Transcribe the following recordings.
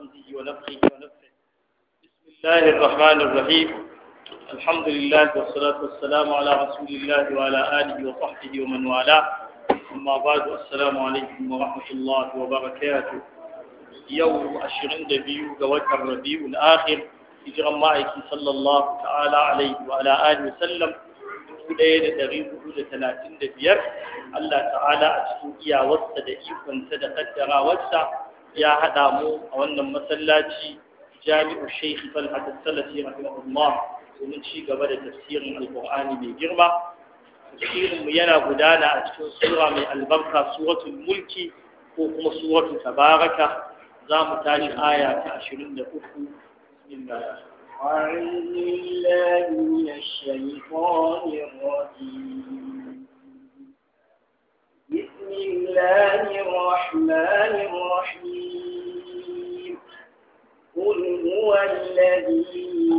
حمده ونفخه ونفخه بسم الله الرحمن الرحيم الحمد لله والصلاة والسلام على رسول الله وعلى آله وصحبه ومن والاه أما بعد السلام عليكم ورحمة الله وبركاته يوم عشرين دبيو جوات الربيع الآخر إجرى معك صلى الله تعالى عليه وعلى آله وسلم ɗaya da ɗari hudu da talatin da biyar Allah ta'ala a cikin iyawarsa ya haɗa mu a wannan masallaci jami'u shaikh talhat salafi rahimahullah domin ci gaba da tafsirin alqur'ani mai girma tafsirin mu yana gudana a cikin sura mai albarka suratul mulki ko kuma suratul tabaraka za mu tashi aya ta 23 bismillah أعوذ بالله من الشيطان الرجيم بسم الله الرحمن الرحيم قل هو الذي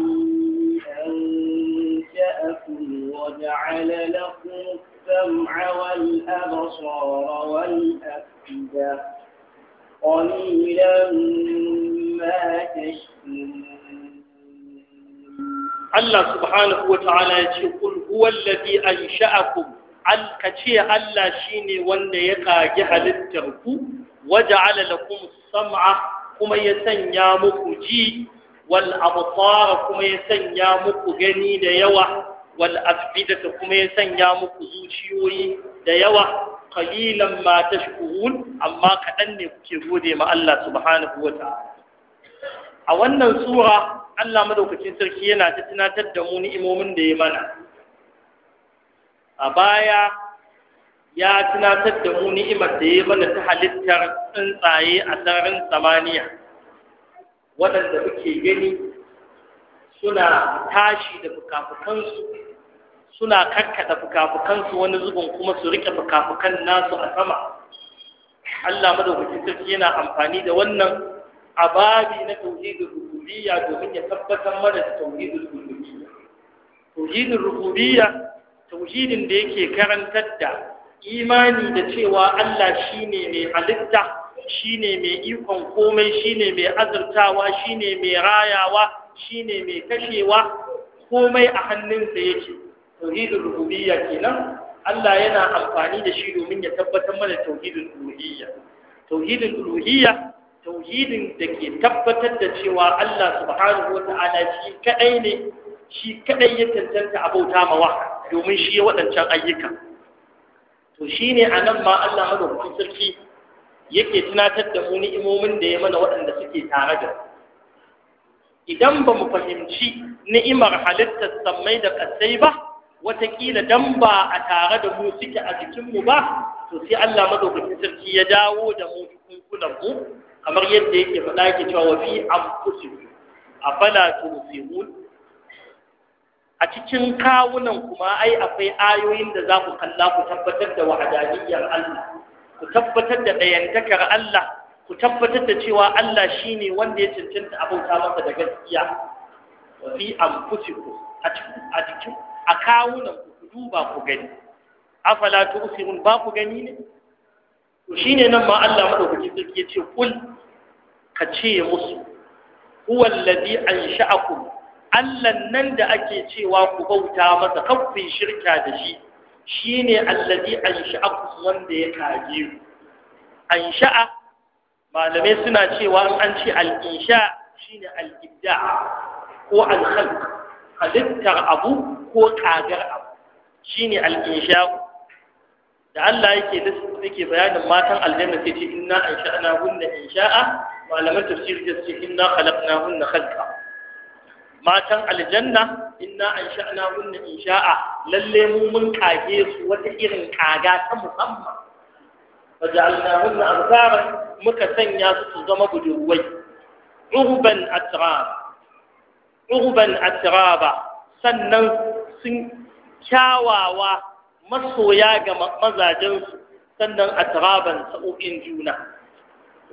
أنشأكم وجعل لكم السمع والأبصار والأفئدة قليلا ما الله سبحانه وتعالى يقول هو الذي أنشأكم ka ce Allah shine wanda ya kage halittar ku waja'ala lakum sam'a kuma ya sanya muku ji wal absara kuma ya sanya muku gani da yawa wal afidata kuma ya sanya muku zuciyoyi da yawa qalilan ma tashkurun amma kaɗan ne kuke gode ma Allah subhanahu wata'ala a wannan sura Allah madaukakin sarki yana ta tunatar da mu ni'imomin da ya mana a baya ya tunatar da mu ni'imar da ya mana ta halittar tsuntsaye a sararin samaniya waɗanda muke gani suna tashi da fukafukansu suna karkada fukafukansu wani zubin kuma su riƙe fukafukan nasu a sama Allah madaukakin sarki yana amfani da wannan ababi na tauhidin rububiyya domin ya tabbatar mana da tauhidin rububiyya tauhidin rububiyya tauhidin da yake karantar da imani da cewa Allah shine mai halitta shine mai ikon komai shine mai azurtawa shine mai rayawa shine mai kashewa komai a hannunsa yake tauhidul rububiyya kenan Allah yana amfani da shi domin ya tabbatar mana tauhidul uluhiyya tauhidul uluhiyya tauhidin da ke tabbatar da cewa Allah subhanahu wata'ala shi kadai ne shi kadai ya tantanta abauta mawa domin shi ya waɗancan ayyuka to shi ne a nan ma Allah madaukakin sarki yake tunatar da mu ni'imomin da ya mana waɗanda suke tare da idan ba mu fahimci ni'imar halittar sammai da ƙasai ba watakila dan ba a tare da mu suke a jikinmu ba to sai Allah madaukakin sarki ya dawo da mu kunkunan mu kamar yadda yake faɗa yake cewa wa fi anfusikum afala tusirun a cikin kawunan kuma ai akwai ayoyin da za ku kalla ku tabbatar da wahadaniyar Allah ku tabbatar da ɗayantakar Allah ku tabbatar da cewa Allah shine wanda ya cancanta abauta masa da gaskiya fi anfusikum a cikin a cikin a kawunan ku duba ku gani afala Usirun ba ku gani ne to shine nan ma Allah madaukaki sarki ya ce kul ka ce musu huwa allazi ansha'akum Allah nan da ake cewa ku bauta masa kafin shirka da shi shine allazi ansha'akum wanda ya kaje ku ansha'a malamai suna cewa an ce al-insha shine al-ibda ko al-khalq halittar abu ko kagar abu shine al-insha da Allah yake da yake bayanin matan aljanna sai ce inna ansha'na hunna insha'a malaman tafsir da ce inna khalaqna hunna khalqa matan aljanna inna an sha'na kunna insha'a lalle mu mun kage su wata irin kaga ta musamman ja'alna kunna azara muka sanya su su zama budurwai urban atrab urban atraba sannan sun kyawawa masoya ga mazajensu sannan atraban sa'o'in juna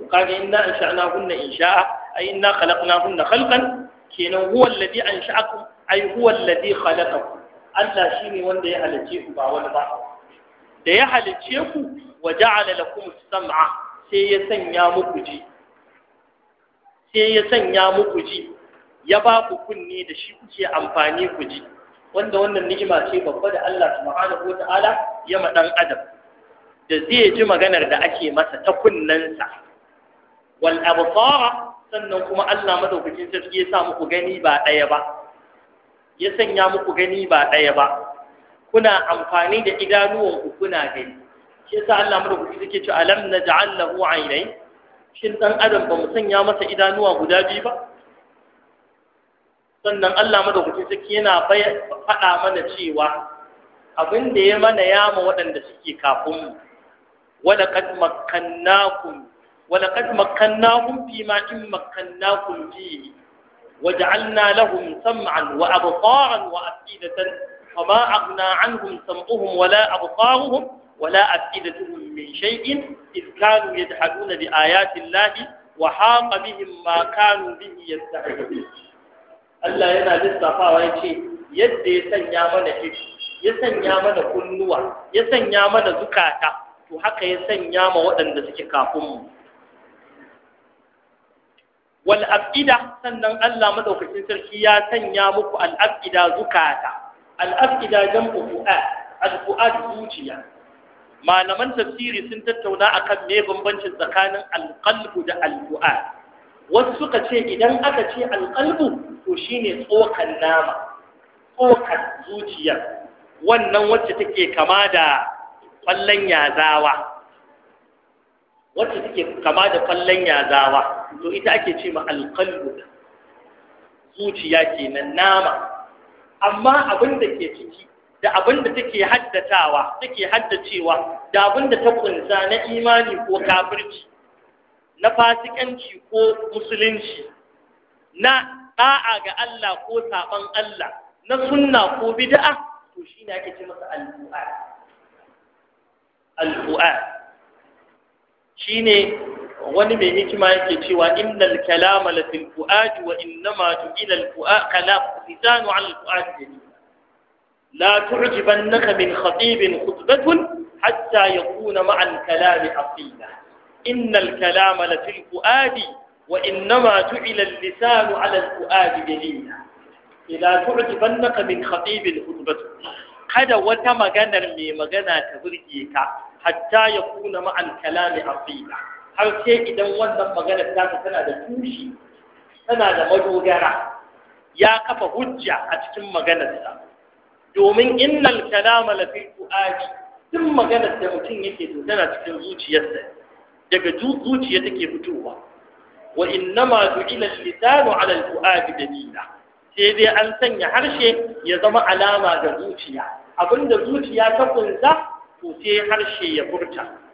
kaga inna an sha'na kunna insha'a ay inna khalaqna kunna khalqan kenan huwa alladhi ansha'akum ay huwa alladhi khalaqakum Allah shine wanda ya halice ku ba wani ba da ya halice ku wa ja'ala lakum as-sam'a sai ya sanya muku ji sai ya sanya muku ji ya ba ku kunni da shi kuke amfani ku ji wanda wannan ni'ima ce babba da Allah subhanahu wata'ala ya ma dan adam da zai ji maganar da ake masa ta kunnansa wal absara sannan kuma Allah madaukakin sarki ya sa muku gani ba ɗaya ba ya sanya muku gani ba ɗaya ba kuna amfani da ku kuna gani shi yasa Allah madaukakin sarki ce alam naj'al lahu aynay shin dan adam ba mu sanya masa idanuwa guda biyu ba sannan Allah madaukakin sarki yana faɗa mana cewa abin da ya mana yama waɗanda suke kafin mu kad مكناكم ولقد مكناهم فيما إن مكناكم فيه وجعلنا لهم سمعا وأبصارا وأفئدة فما أغنى عنهم سمعهم ولا أبصارهم ولا أفئدتهم من شيء إذ كانوا يجحدون بآيات الله وحاق بهم ما كانوا به يستهزئون Allah yana lissafawa ya ce yadda ya sanya mana ido ya sanya mana kunnuwa ya sanya mana zukata to haka ya sanya ma waɗanda suke kafin mu wal sannan Allah maɗaukacin sarki ya sanya muku al afida zukata al afida jam'u fu'ad al zuciya malaman tafsiri sun tattauna akan me bambancin tsakanin al da al wasu suka ce idan aka ce al qalbu shi ne tsokan nama tsokan zuciya wannan wacce take kama da kwallon yazawa wacce take kama da kwallon yazawa to ita ake ce ma alƙalbu zuciya kenan nama amma abin da ke ciki da abin da take haddatawa take haddacewa da abin da ta kunsa na imani ko kafirci na fasikanci ko musulunci na da'a ga Allah ko saban Allah na sunna ko bid'a to shine ake ce masa al-fu'ad shine wani mai hikima yake cewa innal kalama la fil fuad wa innama tu'ila al fuad kalam lisanu al fuad la tu'jibannaka min khatibin khutbatun hatta yakuna ma'a al kalam asila innal kalama la fil fuad wa innama tu'ila al lisanu ala al fuad dalila ila tu'jibannaka min khatibin khutbatun kada wata maganar mai magana ta burge ka hatta yakuna ma'a al kalam asila har sai idan wannan maganar ta tana da tushi tana da madogara ya kafa hujja a cikin maganarsa domin innal kalama la fi duk maganar da mutum yake to tana cikin zuciyarsa daga zuciya take fitowa wa innama du'ila al-lisanu 'ala al-fuadi dalila sai dai an sanya harshe ya zama alama ga zuciya abinda zuciya ta kunsa to sai harshe ya furta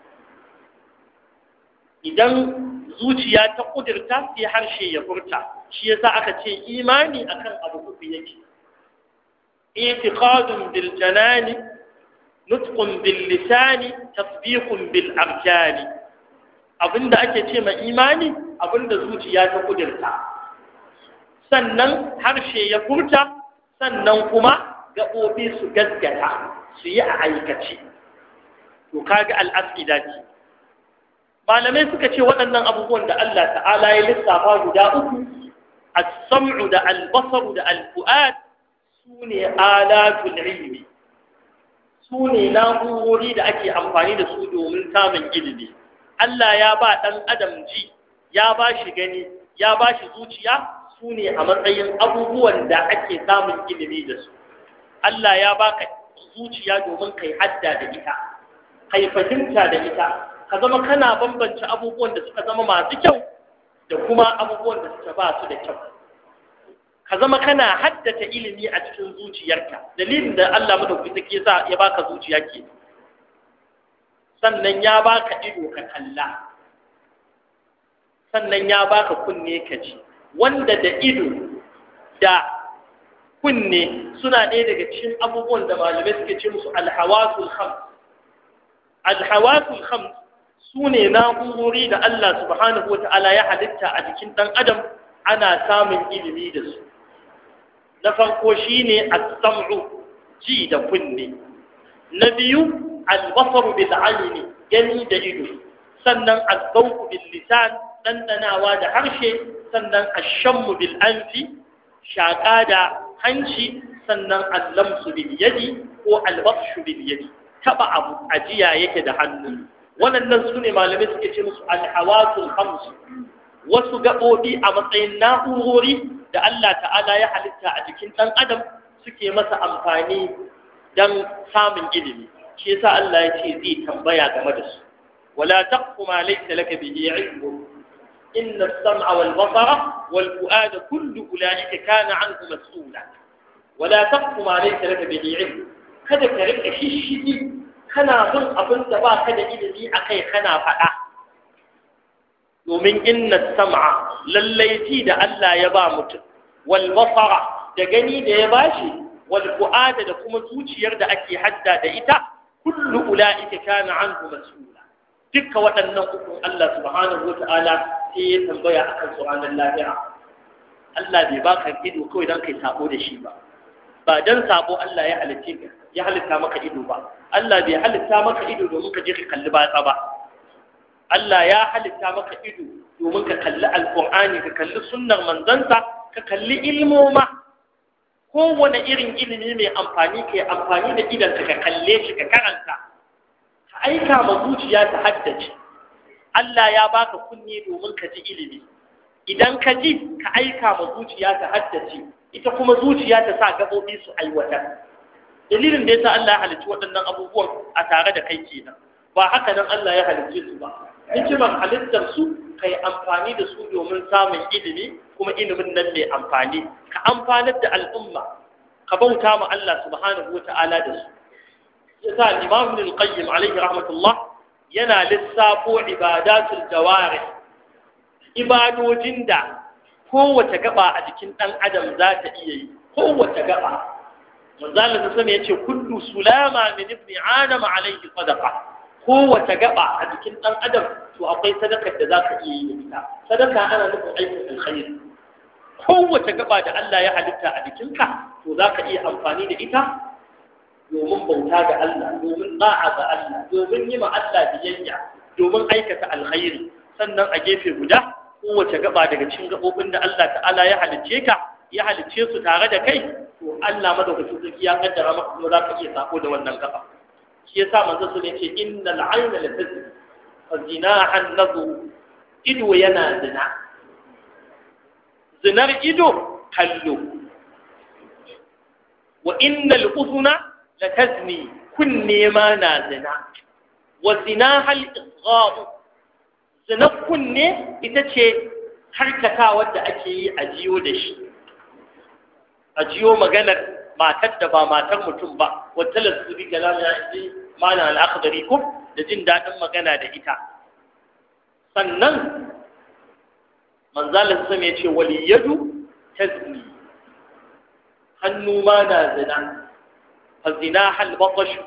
idan zuciya ta kudirta sai harshe ya furta shi yasa aka ce imani akan abu uku yake i'tiqadun bil janani nutqun bil lisani tasbiqun bil arjani abinda ake ce ma imani abinda zuciya ta kudirta sannan harshe ya furta sannan kuma gaɓoɓi su gaskata su yi a aikace to kaga al'asida ce malamai suka ce waɗannan abubuwan da Allah ta'ala ya lissafa guda uku a samu da albasaru da al-fu'ad sune alatul ilmi ne na'urori da ake amfani da su domin samun ilimi Allah ya ba ɗan adam ji ya ba shi gani ya ba shi zuciya sune a matsayin abubuwan da ake samun ilimi da su Allah ya ba ka zuciya domin kai hadda da ita kai da ita ka zama kana bambance abubuwan da suka zama masu kyau da kuma abubuwan da suka ba su da kyau ka zama kana haddata ilimi a cikin zuciyarka dalilin da Allah madaukaki take sa ya baka zuciya ke sannan ya baka ido ka kalla sannan ya baka kunne ka ji wanda da ido da kunne suna ɗaya daga cikin abubuwan da malamai suke ce musu alhawasul khams alhawasul khams su ne na'urori da Allah subhanahu wa ta'ala ya halitta a jikin ɗan adam ana samun ilimi da su na farko shine as-sam'u ji da kunne na biyu al-basaru bil gani da ido sannan az-zawqu bil lisan dandanawa da harshe sannan ash-shammu bil anfi shaƙa da hanci sannan al-lamsu bil yadi ko al-batshu bil yadi taba abu ajiya yake da hannu Wannan su ne malamai suke ce musu alhawasul hamsu wasu gaɓoɓi a matsayin na'urori da Allah ta'ala ya halitta a jikin ɗan adam suke masa amfani don samun ilimi shi yasa Allah ya ce zai tambaya game da su wala taqfu ma laysa laka bihi ilmu inna as-sam'a wal basara wal fu'ada kullu ulaika kana anhu mas'ula wala taqfu ma laysa laka bihi ilmu kada ka rika shishigi kana bin abin da ba ka da ilimi a kai kana faɗa domin inna sam'a lallai ji da Allah ya ba mutum wal basara da gani da ya bashi wal fu'ada da kuma zuciyar da ake hadda da ita kullu ula'ika kana anhu mas'ula dukkan waɗannan ukun Allah subhanahu wata'ala sai ya tambaya akan su ranar Allah bai baka ido kawai don kai sabo da shi ba ba don sabo Allah ya halicce ka ya halitta maka ido ba Allah bai halitta maka ido domin ka je ka kalli batsa ba Allah ya halitta maka ido domin ka kalli alqur'ani ka kalli sunnar manzansa ka kalli ilmoma kowane irin ilimi mai amfani ka amfani da idanka ka kalle shi ka karanta ka aika ma zuciya ta haddace Allah ya baka kunne domin ka ji ilimi idan ka ji ka aika ma zuciya ta haddace ita kuma zuciya ta sa gabobi su aiwatar dalilin da yasa Allah ya halicci waɗannan abubuwan a tare da kai kenan ba haka nan Allah ya halicce su ba hikimar halittar su kai amfani da su domin samun ilimi kuma ilimin nan mai amfani ka amfanar da al'umma ka bauta ma Allah subhanahu wata'ala da su yasa Imam Ibn Qayyim alaihi rahmatullah yana lissafo ibadatul jawari ibadojin da kowace gaba a jikin ɗan adam za ta iya yi kowace gaba manzalin da sani ya ce kullu sulama min ibn adam alaihi sadaqa kowace gaba a jikin ɗan adam to akwai sadakar da za ka iya yi da ita sadaka ana nufin aikin alkhairi kowace gaba da Allah ya halitta a jikinka to za ka iya amfani da ita domin bauta ga Allah domin da'a ga Allah domin yi ma Allah biyayya domin aikata alkhairi sannan a gefe guda kowace gaba daga cikin gabobin da Allah ta'ala ya halicce ka ya halicce su tare da kai to Allah madaukakin sarki ya kaddara maka kuma za ka iya sako da wannan gaba shi yasa manzo sun yace innal ayna la tazni fazinahan nazu ido yana zina zinar ido kallo wa innal uzuna la tazni kunne ma na zina wa zinahal isghab zinar kunne ita ce harkatawar da ake yi a jiyo da shi a jiyo maganar matar da ba matar mutum ba wata lasuri ga ya ce malam al'akhdari ko da jin daɗin magana da ita sannan manzalin sam ya ce waliyadu tazni hannu ma na zina fa zina hal batashu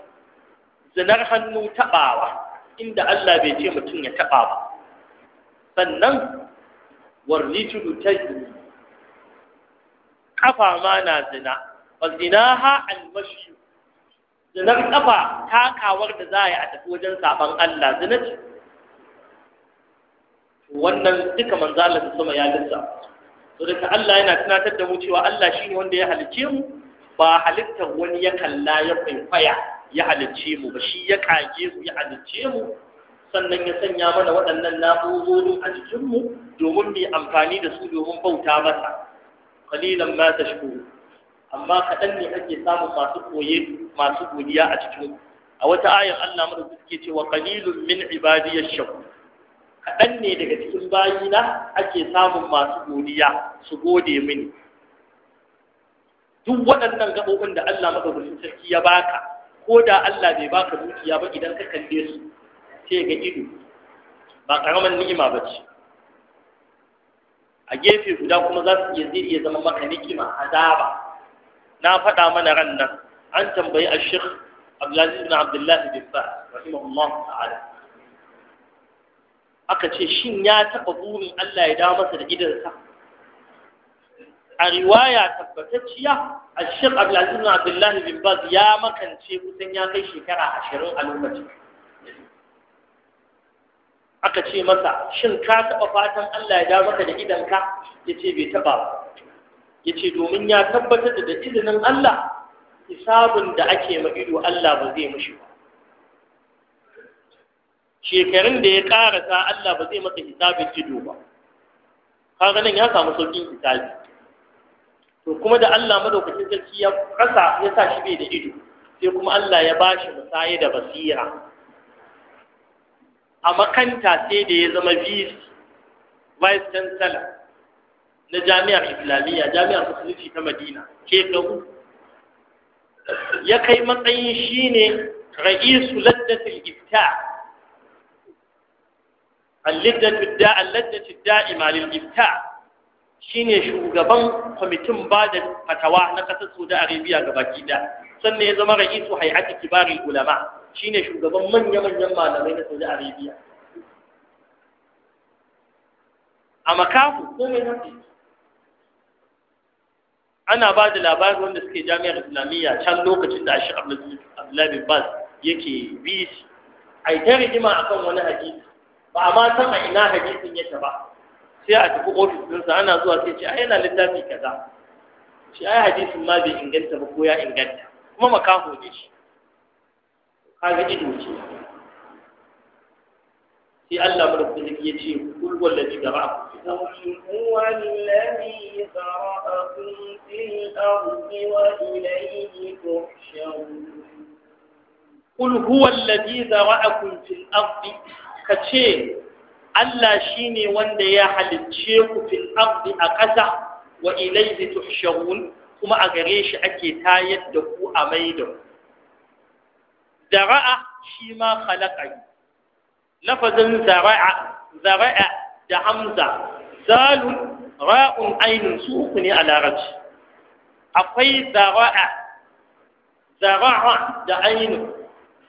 zinar hannu taɓawa inda Allah bai ce mutum ya taɓa ba sannan ta tazni kafa ma na zina wa zinaha almashi zinar kafa takawar da za a yi a tafi wajen saban Allah zina wannan duka manzalar da sama ya lissa to da Allah yana tunatar da mu cewa Allah shine wanda ya halicce mu ba halittar wani ya kalla ya kwaikwaya ya halicce mu ba shi ya kage mu ya halicce mu sannan ya sanya mana waɗannan na'urori a jikinmu domin mu amfani da su domin bauta masa qalilan ma tashkuru amma kaɗan ne ake samun masu koye masu godiya a cikin a wata ayar Allah mana suke cewa qalilun min ibadiyash shakur kaɗan ne daga cikin bayina ake samun masu godiya su gode mini duk waɗannan gaɓoɓin da Allah madaukakin sarki ya baka ko da Allah bai baka dukiya ba idan ka kalle su sai ga ido ba ƙaramin ni'ima ba ce a gefe guda kuma za su iya zai iya zama maka nikima azaba na faɗa mana ran nan an tambayi a shekh Abdullahi bin abdullahi bin ba rahimahullah ta'ala aka ce shin ya taɓa burin allah ya dawo masa da gidansa. a riwaya tabbatacciya a shekh Abdullahi bin abdullahi bin ba ya makance kusan ya kai shekara ashirin a lokacin aka ce masa shin ka taɓa fatan Allah ya ja maka da idanka ya ce bai taɓa ba ya ce domin ya tabbatar da izinin Allah hisabun da ake ma ido Allah ba zai mushi ba shekarun da ya karasa Allah ba zai masa hisabin ido ba kaga nan ya samu saukin hisabi to kuma da Allah madaukakin sarki ya kasa ya sa shi bai da ido sai kuma Allah ya bashi musaye da basira a makanta sai da ya zama vice vice chancellor na jami'ar islamiyya jami'ar musulunci ta madina shekaru ya kai matsayin shi ne ra'isu laddatul ifta alladatul da'ima lil ifta shine shugaban kwamitin ba da fatawa na ƙasar saudi arabia gabaki da sannan ya zama ra'isu hay'ati kibarul ulama shine shugaban manya-manyan malamai na Saudi Arabia a makafu komai zafi ana ba da labarin wanda suke jami'ar islamiyya can lokacin da ashir abdullahi bas yake bi a ta rigima a kan wani hadisi ba a ma san a ina hadisin yake ba sai a tafi ofis ɗinsa ana zuwa sai ce ai yana littafi kaza shi ai hadisin ma bai inganta ba ko ya inganta kuma makaho ne shi kaga ido ce sai Allah barkatu ya ce kul wallazi gaba huwa allazi zara'akum fil ardi wa ilayhi kul huwa allazi zara'akum fil ardi kace Allah shine wanda ya halicce ku fil ardi a ƙasa wa ilayhi tuhsharun kuma a gare shi ake tayar da ku a maida ku zara'a shi ma yi. lafazin zara'a zara'a da hamza zalun ra'un ainun su uku ne a larabci akwai zara'a zara'a da ainun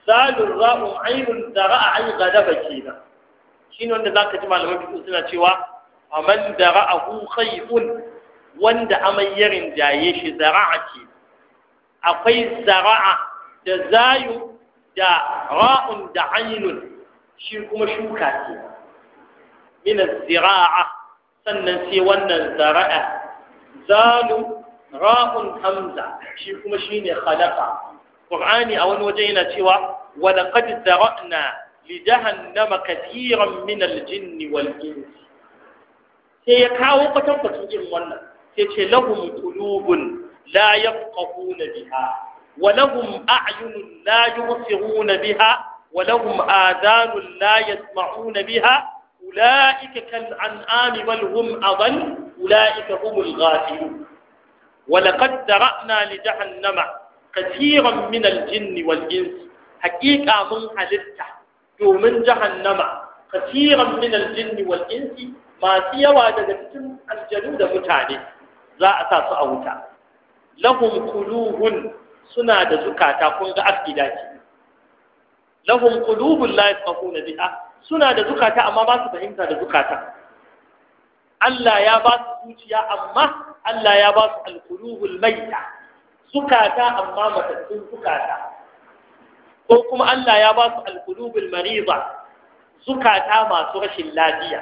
zalun ra'un ainun zara'a ai galaba kenan shine wanda za zaka ji malaman fiqh suna cewa aman dara'ahu khayfun wanda amayyarin jaye shi zara'a ke. akwai zara'a da zayu da ra'un da ainun shi kuma shuka ce min zira'a sannan sai wannan zara'a zalu ra'un hamza shi kuma shine khalaqa qur'ani a wani waje yana cewa wa laqad zara'na li jahannama kathiran min jinni wal insi sai ya kawo kwatankwacin irin wannan sai ce lahum qulubun la yafqahuna biha ولهم أعين لا يبصرون بها ولهم آذان لا يسمعون بها أولئك كالأنعام بل هم أضل أولئك هم الغافلون ولقد ذرأنا لجهنم كثيرا من الجن والإنس حقيقة من حلتها يومن جهنم كثيرا من الجن والإنس ما سيوا دقتم الجنود متعلي لا أساس أوتا لهم قلوب suna da zukata kun ga aski ce lahum qulubun la yafqahuna biha suna da zukata amma ba su fahimta da zukata Allah ya ba su zuciya amma Allah ya ba su alqulubul maita zukata amma matattun zukata ko kuma Allah ya ba su alqulubul mariza zukata masu rashin lafiya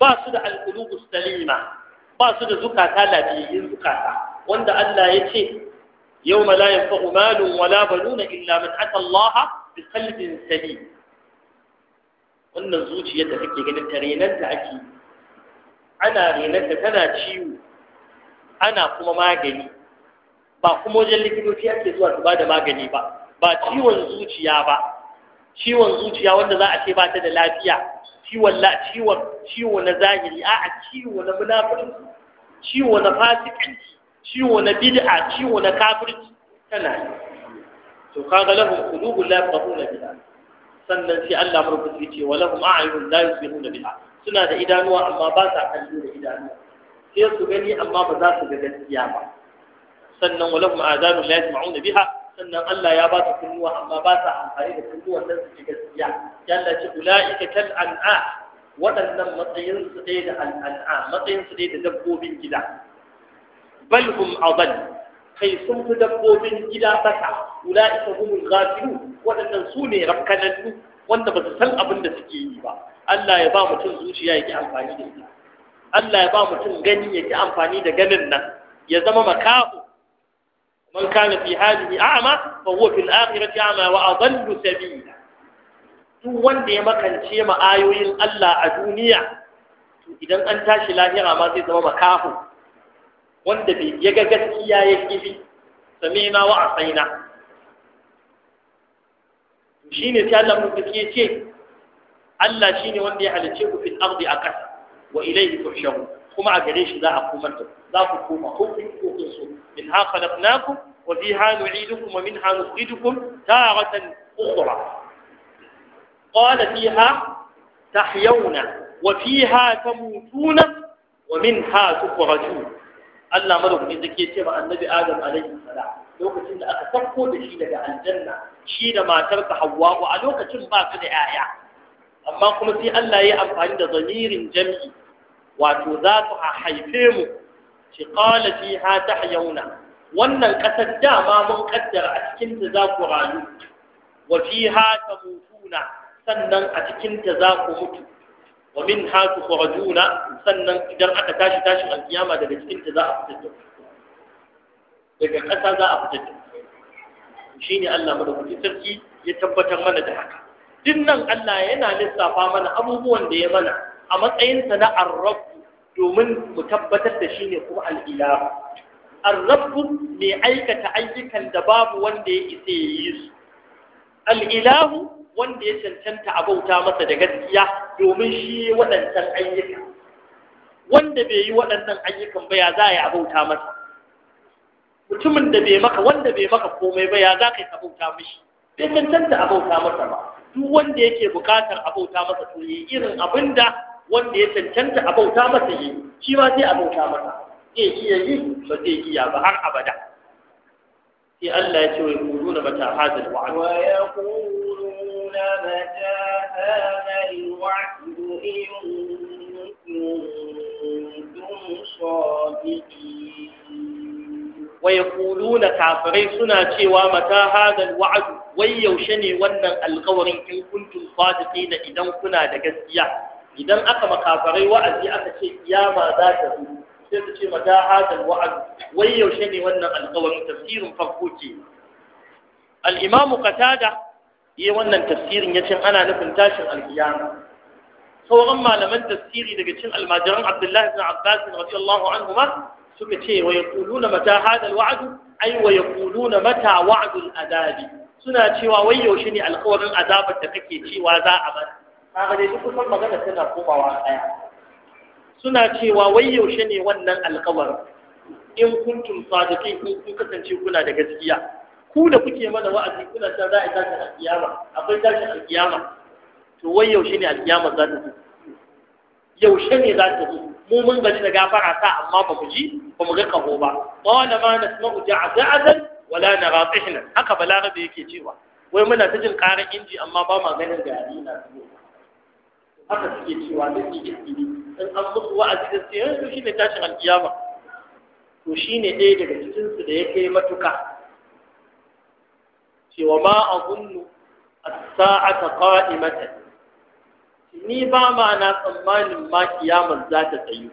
ba su da alqulubus salima ba su da zukata lafiyayyun zukata wanda Allah ya ce yau la yanfa'u malun wala banuna illa man ata Allah bi qalbin salim wannan zuciyar da kake ganin ta da ta ake ana renan da tana ciwo ana kuma magani ba kuma wajen likitoci ake zuwa su bada magani ba ba ciwon zuciya ba ciwon zuciya wanda za a ce ba ta da lafiya ciwon la ciwon ciwo na zahiri a'a ciwo na munafurci ciwo na fasikanci ciwo na bid'a ciwo na kafirci tana yi to kaga lahum qulubun la yafqahuna biha sannan sai Allah murkuci ce wa lahum a'yunun la yusiruna biha suna da idanuwa amma ba sa kallo da idanuwa sai su gani amma ba za su ga gaskiya ba sannan wa lahum azanun la yasma'una biha sannan Allah ya ba su kunnuwa amma ba su amfani da kunnuwan nan su ji gaskiya yalla ce ulaika kal an'a waɗannan matsayin su dai da al'a matsayin su dai da dabbobin gida bal hum adall kai sun fi dabbobin gida saka ulaika humul ghafilun waɗannan su ne rakkanannu wanda ba su san abin da suke yi ba Allah ya ba mutum zuciya ya ki amfani da ita Allah ya ba mutum gani ya ki amfani da ganin nan ya zama makafu. man kana fi hadihi a'ma fa huwa fil akhirati a'ma wa adallu sabila duk wanda ya makance ma ayoyin Allah a duniya to idan an tashi lahira ma zai zama makahu wanda bai ya ga gaskiya ya kibi samina wa asaina shine sai Allah mun ce Allah shine wanda ya halice ku fil ardi a ƙasa wa ilayhi tuhsharun kuma a gare shi za a komar da za ku koma ko kun ko kun so min ha khalaqnakum wa fiha nu'idukum wa minha nukhrijukum taratan ukhra qala fiha tahyawna wa fiha tamutuna wa minha tukhrajun Allah madaukakin zake ce ma annabi Adam alaihi salam lokacin da aka sauko da shi daga aljanna shi da matarsa Hawwa a lokacin ba su da 'ya'ya amma kuma sai Allah ya yi amfani da zamirin jami'i wato za su a haife mu ci qala ta tahyauna wannan ƙasar dama mun ƙaddara a cikin ta za ku rayu wa fiha tamutuna sannan a cikin ta za ku mutu wa minha tukhrajuna sannan idan aka tashi tashi a alkiyama daga cikin za a fitar da daga kasa za a fitar da shine Allah madaukakin sarki ya tabbatar mana da haka dinnan Allah yana lissafa mana abubuwan da ya mana a matsayinsa na arrab domin mu tabbatar da shi ne kuma al'ilahu arrabu mai aikata ayyukan da babu wanda ya isa ya yi su al'ilahu wanda ya cancanta a bauta masa da gaskiya domin shi waɗancan ayyuka wanda bai yi waɗannan ayyukan ba ya za a yi abauta masa mutumin da bai maka wanda bai maka komai ba ya za ka yi abauta mashi, mishi bai cancanta abauta masa ba duk wanda yake buƙatar abauta masa to yi irin abin da wanda ya cancanta a bauta masa yi shi ma sai a bauta masa zai iya yi ba zai iya ba har abada sai Allah ya ce wa yaquluna mata hadha alwa'd wa yaquluna mata hadha alwa'd in kuntum sadiqin Kulu na kafirai suna cewa mata hadha alwa'd wai yaushe ne wannan alkawarin in kuntum sadiqina idan kuna da gaskiya idan aka makafarai wa'azi aka ce kiyama za ta zo sai su ce mata hadal wa'ad wai yaushe ne wannan alƙawarin tafsirin farko ce al-imam qatada yi wannan tafsirin ya ce ana nufin tashin al sauran malaman tafsiri daga cin almajiran Abdullahi ibn Abbas radiyallahu anhu ma suka ce wa yaquluna mata hadal wa'ad ay wa yaquluna mata wa'd al suna cewa wai yaushe ne alƙawarin azabar da kake cewa za a bar. A dai duk kusan magana tana komawa ɗaya suna cewa wai yaushe ne wannan alkawar in kuntum sadiqin in kun kasance kuna da gaskiya ku da kuke mana wa'azi kuna ta za a tashi alkiyama akwai tashin alkiyama to wai yaushe ne alkiyama za ta zo yaushe ne za ta zo mu mun gani da gafara ta amma ba mu ji ba mu ga kaho ba qala ma nasma'u ja'za'atan wala nara nan. haka balarabe yake cewa wai muna ta jin karar inji amma ba ma ganin gari na zuwa haka suke cewa zai yi gaskini in an mutu wa'azi da su yanzu eh, shi ne tashin alkiyama to shi ne ɗaya daga cikinsu da ya kai matuka cewa ma a gunnu a sa'ata mata. ni ba ma na tsammanin ma kiyamar za ta tsayu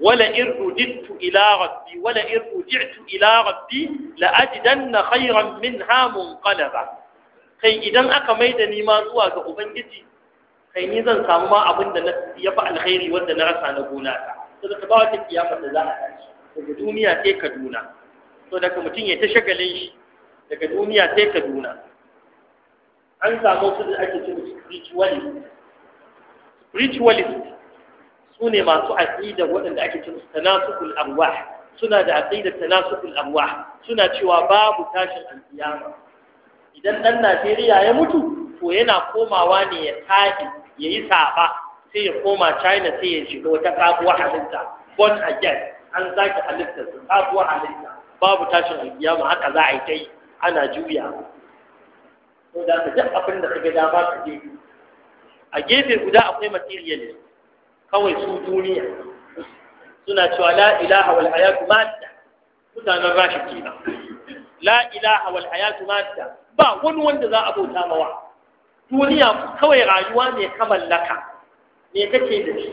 wala irudittu ila rabbi wala irudittu ila rabbi la ajidanna khayran minha munqalaba kai idan aka maida ni ma zuwa ga ubangiji kai ni zan samu ma abin da ya fi alkhairi wanda na rasa na gona ta to da ba wata kiyama da za a tashi daga duniya sai kaduna to daga mutum ya ta shagalin shi daga duniya sai kaduna an samu su da ake cewa spiritualist spiritualist su ne masu aqida waɗanda ake cewa tanasukul arwah suna da aqidar tanasukul arwah suna cewa babu tashin alkiyama idan dan Najeriya ya mutu to yana komawa ne ya tashi ya yi saba sai ya koma china sai ya shiga wata sabuwar halitta born again an sake halitta sabuwar halitta babu tashin alkiyama haka za a yi ta ana juya ko da ka duk abin da kaga dama ka je a gefe guda akwai materialist kawai su duniya suna cewa la ilaha wal hayatu madda mutanen rashi kenan la ilaha wal hayatu madda ba wani wanda za a bauta mawa duniya kawai rayuwa ne ka mallaka me kake da shi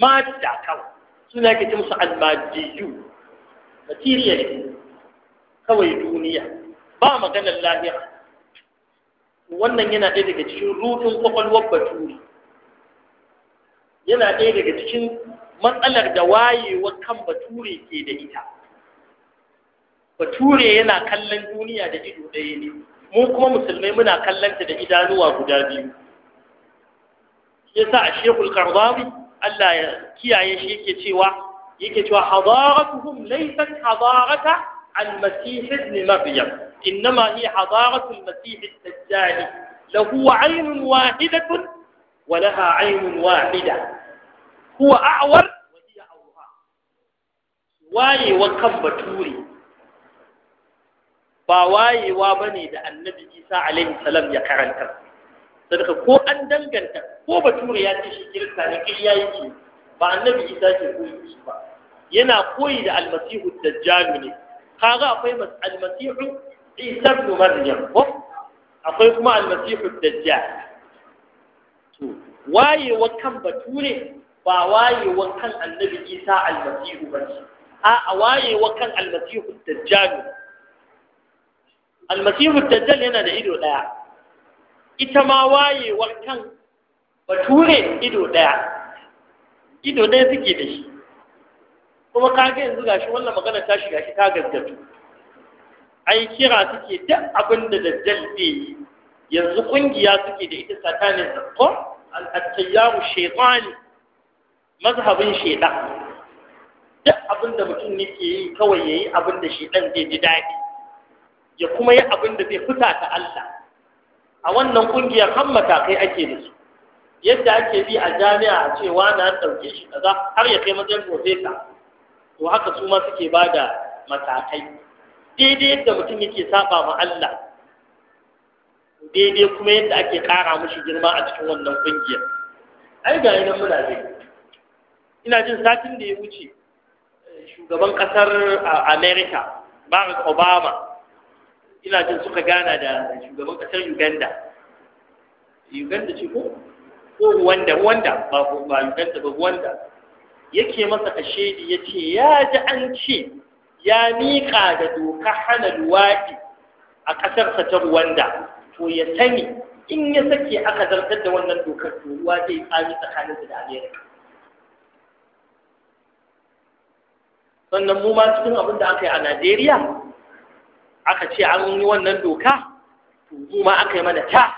madda kawai suna ke ce musu almajiyu material kawai duniya ba maganar lahira wannan yana ɗaya daga cikin rufin kwakwalwar baturi yana ɗaya daga cikin matsalar da wayewar kan bature ke da ita bature yana kallon duniya da ido ɗaya ne mu kuma musulmai muna kallanta da idanuwa guda biyu yasa a shekul karbawi Allah ya kiyaye shi yake cewa yake cewa hadaratuhum laysat hadarata al-masih ibn maryam innama hi hadaratu al-masih ad-dajjal lahu 'aynun wahidatun wa laha 'aynun wahida huwa a'war wa hiya awha waye wa kan baturi ba wayewa ba ne da annabi isa alaihi salam ya karanta sadaka ko an danganta ko bature ya ce shi kirista ne kai ya yi ce ba annabi isa ke koyi shi ba yana koyi da almasihu dajjal ne kaga akwai almasihu isa ibn maryam ko akwai kuma almasihu dajjal to wayewa kan bature ba wayewa kan annabi isa almasihu ba a a wayewa kan almasihu ne. almasihu dajjal yana da ido ɗaya ita ma wayewar kan bature ido ɗaya ido ɗaya suke da shi kuma ka ga yanzu gashi wannan magana ta shiga shi ta gaggatu ai kira suke duk abin da dajjal zai yi yanzu kungiya suke da ita satanin ne al-tayyaru shaytani mazhabin shaytan duk abin da mutum yake yi kawai yayi abin da shaytan zai ji daɗi ya kuma yi abin da zai fita ta Allah a wannan kungiyar har matakai ake da su yadda ake bi a jami'a a ce wa an ɗauke shi kaza har ya kai matsayin profesa to haka su ma suke ba da matakai daidai yadda mutum yake saba ma Allah daidai kuma yadda ake ƙara mushi girma a cikin wannan kungiyar ai ga nan muna gani ina jin satin da ya wuce eh, shugaban ƙasar America Barack Obama ina jin suka gana da shugaban kasar Uganda Uganda ce ko ko wanda wanda ba ko ba Uganda ba wanda yake masa kashedi yace ya ji an ce ya miƙa da doka hana luwaɗi a ƙasarsa ta Rwanda to ya sani in ya sake aka zartar da wannan dokar to ruwa zai tsami tsakaninsa da Amerika sannan mu ma cikin abin da aka yi a Najeriya aka ce an yi wannan doka to mu ma aka yi mana ta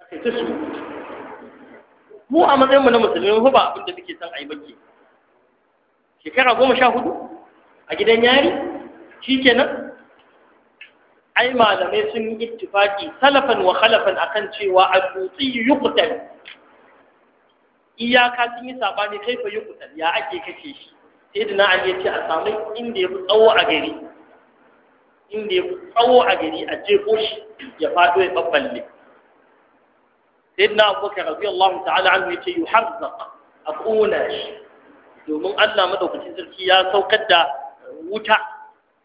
aka yi ta su mu a matsayin mu na musulmi mu ba abin da muke son ayi bakke shekara goma sha hudu a gidan yari shikenan ai malamai sun yi ittifaki salafan wa khalafan akan cewa al-mutsi yuqtal iyaka sun yi sabani kaifa yuqtal ya ake kace shi sai da na ali ya ce a samu inda ya fi tsawo a gari inda ya tsawo a gari a jefo shi ya fado ya babballe sayyidina abubakar Allah ta'ala anhu yace yuharzaq a kona shi domin Allah madaukakin sarki ya saukar da wuta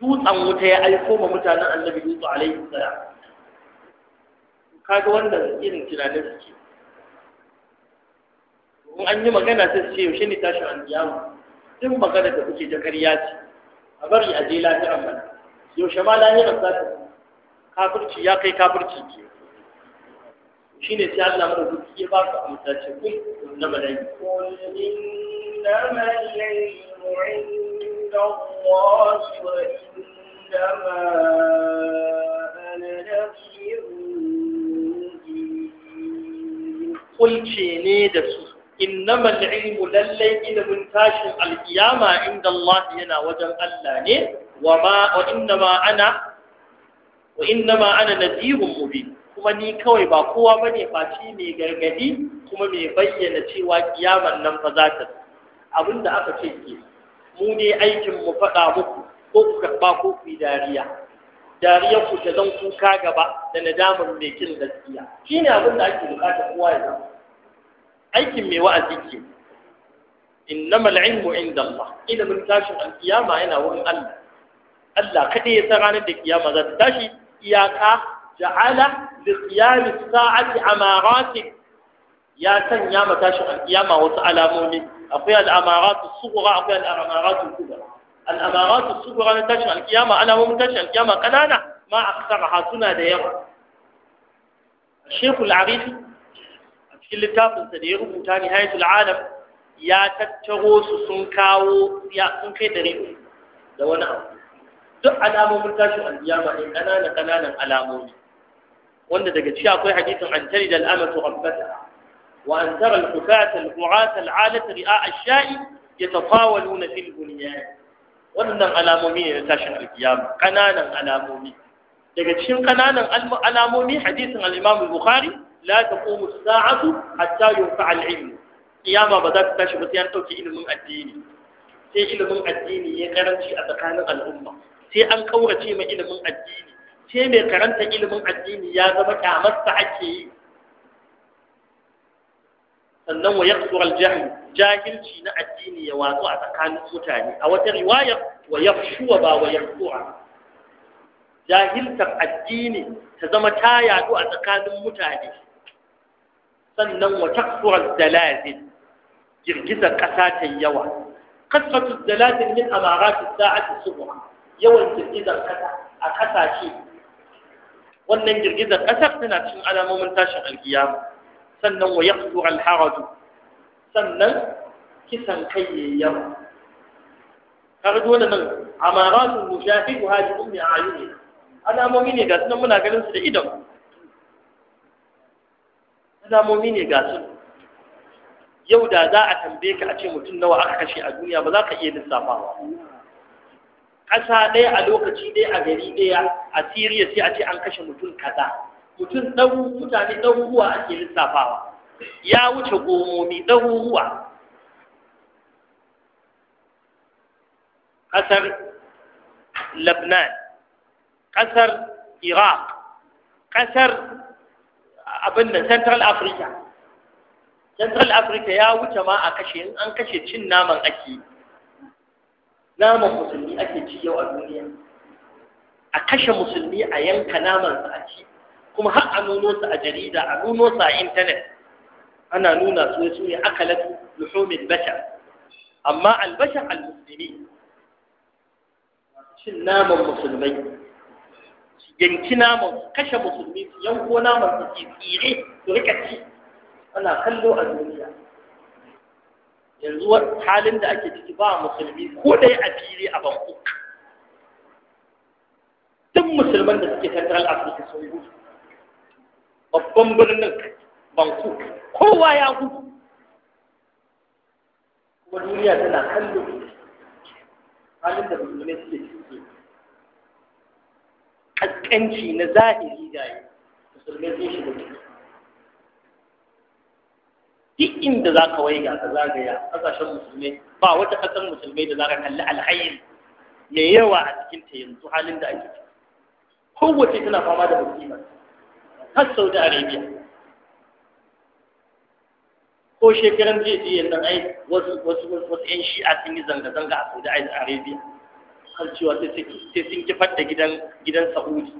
dutsen wuta ya aiko ma mutanen annabi dutsu alaihi salam kaga wannan irin tunanin suke Domin an yi magana sai su ce yaushe ne tashin alƙiyama in magana da kuke ta ƙarya ce a bari a je lafiya mana yaushe ma lahirar za ta kafirci ya kai kafirci ke shi ne sai Allah mara zuki ya ba su amsa ce kun na bala'i إنما العلم عند الله وإنما أنا نذير قل شيني دسوس إنما العلم للي إذا منتاش القيامة wa ma wa innama ana wa innama ana kuma ni kawai ba kowa ba bane faci mai gargadi kuma mai bayyana cewa kiyaman nan fa za ta abinda aka ce ke mu ne aikin mu faɗa muku ko ku karɓa ko ku yi dariya dariyar ku ta zan kuka gaba da nadamar mai kin gaskiya abin da ake bukata kowa ya zama aikin mai wa'azi ke innamal ilmu inda Allah ilimin tashin alkiyama yana wurin Allah الله كده يسقان الدقيام هذا يا كا جعل لقيام الساعة أمارات يا سن يا ما تشي يا ما وتعلموني أقوى الأمارات الصغرى أقوى الأمارات الكبرى الأمارات الصغرى تشي القيامة أنا هو تشي القيامة قنانة ما أكثرها سنة دير الشيخ العريف في الكافر سديره من نهاية العالم يا تتغوص سنكاو يا سنكي دريب دوانا duk alamomin tashin alkiyama ne kanana ƙananan alamomi wanda daga ciki akwai hadisin an tari da al'amatu rabbata wa an tara al-hukata al-mu'ata al-alata ri'a ash-sha'i yatafawaluna fil bunyan wannan alamomi ne na tashin alkiyama Ƙananan alamomi daga cikin ƙananan alamomi hadisin al-imam al-bukhari la taqumu as-sa'atu hatta yunfa al-ilm kiyama ba za ta tashi ba sai an ɗauki ilimin addini sai ilimin addini ya karanci a tsakanin al'umma sai an kaurace mai ilimin addini sai mai karanta ilimin addini ya zama kyamarsa ake yi sannan wa yaqsur al-jahl jahilci na addini ya watsu a tsakanin mutane a wata riwaya wa yafshuwa ba wa yaqsura jahiltar addini ta zama ta yadu a tsakanin mutane sannan wa taqsur al-dalazil girgizar ƙasa ta yawa kasfatu dalazil min amarat as-sa'ati subha yawan girgizar kasa a kasashe wannan girgizar kasar tana cin alamomin tashin alkiyama sannan wa yaqdu al-haraju sannan kisan kai yayi yawa kaga dole nan amaratu mushahidu hadi ummi ayuni alamomi ne ga sunan muna ganin su da idan alamomi ne ga su yau da za a tambaye ka a ce mutum nawa aka kashe a duniya ba za ka iya lissafawa ƙasa ɗaya a lokaci ɗaya a gari ɗaya a siriya sai a ce an kashe mutum kaza mutum ɗaru mutane ɗaruruwa ake lissafawa ya wuce gomomi ɗaruruwa ƙasar Lebanon, ƙasar Iraq, ƙasar abin da Central Africa. Central Africa ya wuce ma a kashe in an kashe cin naman ake, naman musulmi ake yau a duniya a kashe musulmi a yanka namansa a ci kuma har a nuno su a jarida a nuno su a intanet ana nuna su su ne akalat luhumin bashar amma albashar almusulmi cin naman musulmai su yanki naman su kashe musulmi su yanko naman su ke tsire su rika ci ana kallo a duniya yanzu halin da ake ciki ba musulmi ko ɗaya a fili a bangkok duk musulman da suke central africa sun gudu babban birnin banku kowa ya gudu kuma duniya tana kallo halin da musulmai suke ciki kaskanci na zahiri da yi musulmai sun shiga ciki duk inda za ka waiga ka zagaya ƙasashen musulmai ba wata ƙasar musulmai da za ka kalli alhayin mai yawa a cikinta yanzu halin da ake ciki kowace tana fama da musibar har saudi arabia ko shekaran jiya jiya nan ai wasu wasu wasu yan shi'a sun yi zanga-zanga a saudi arabia har cewa sai sun kifar da gidan gidan saudi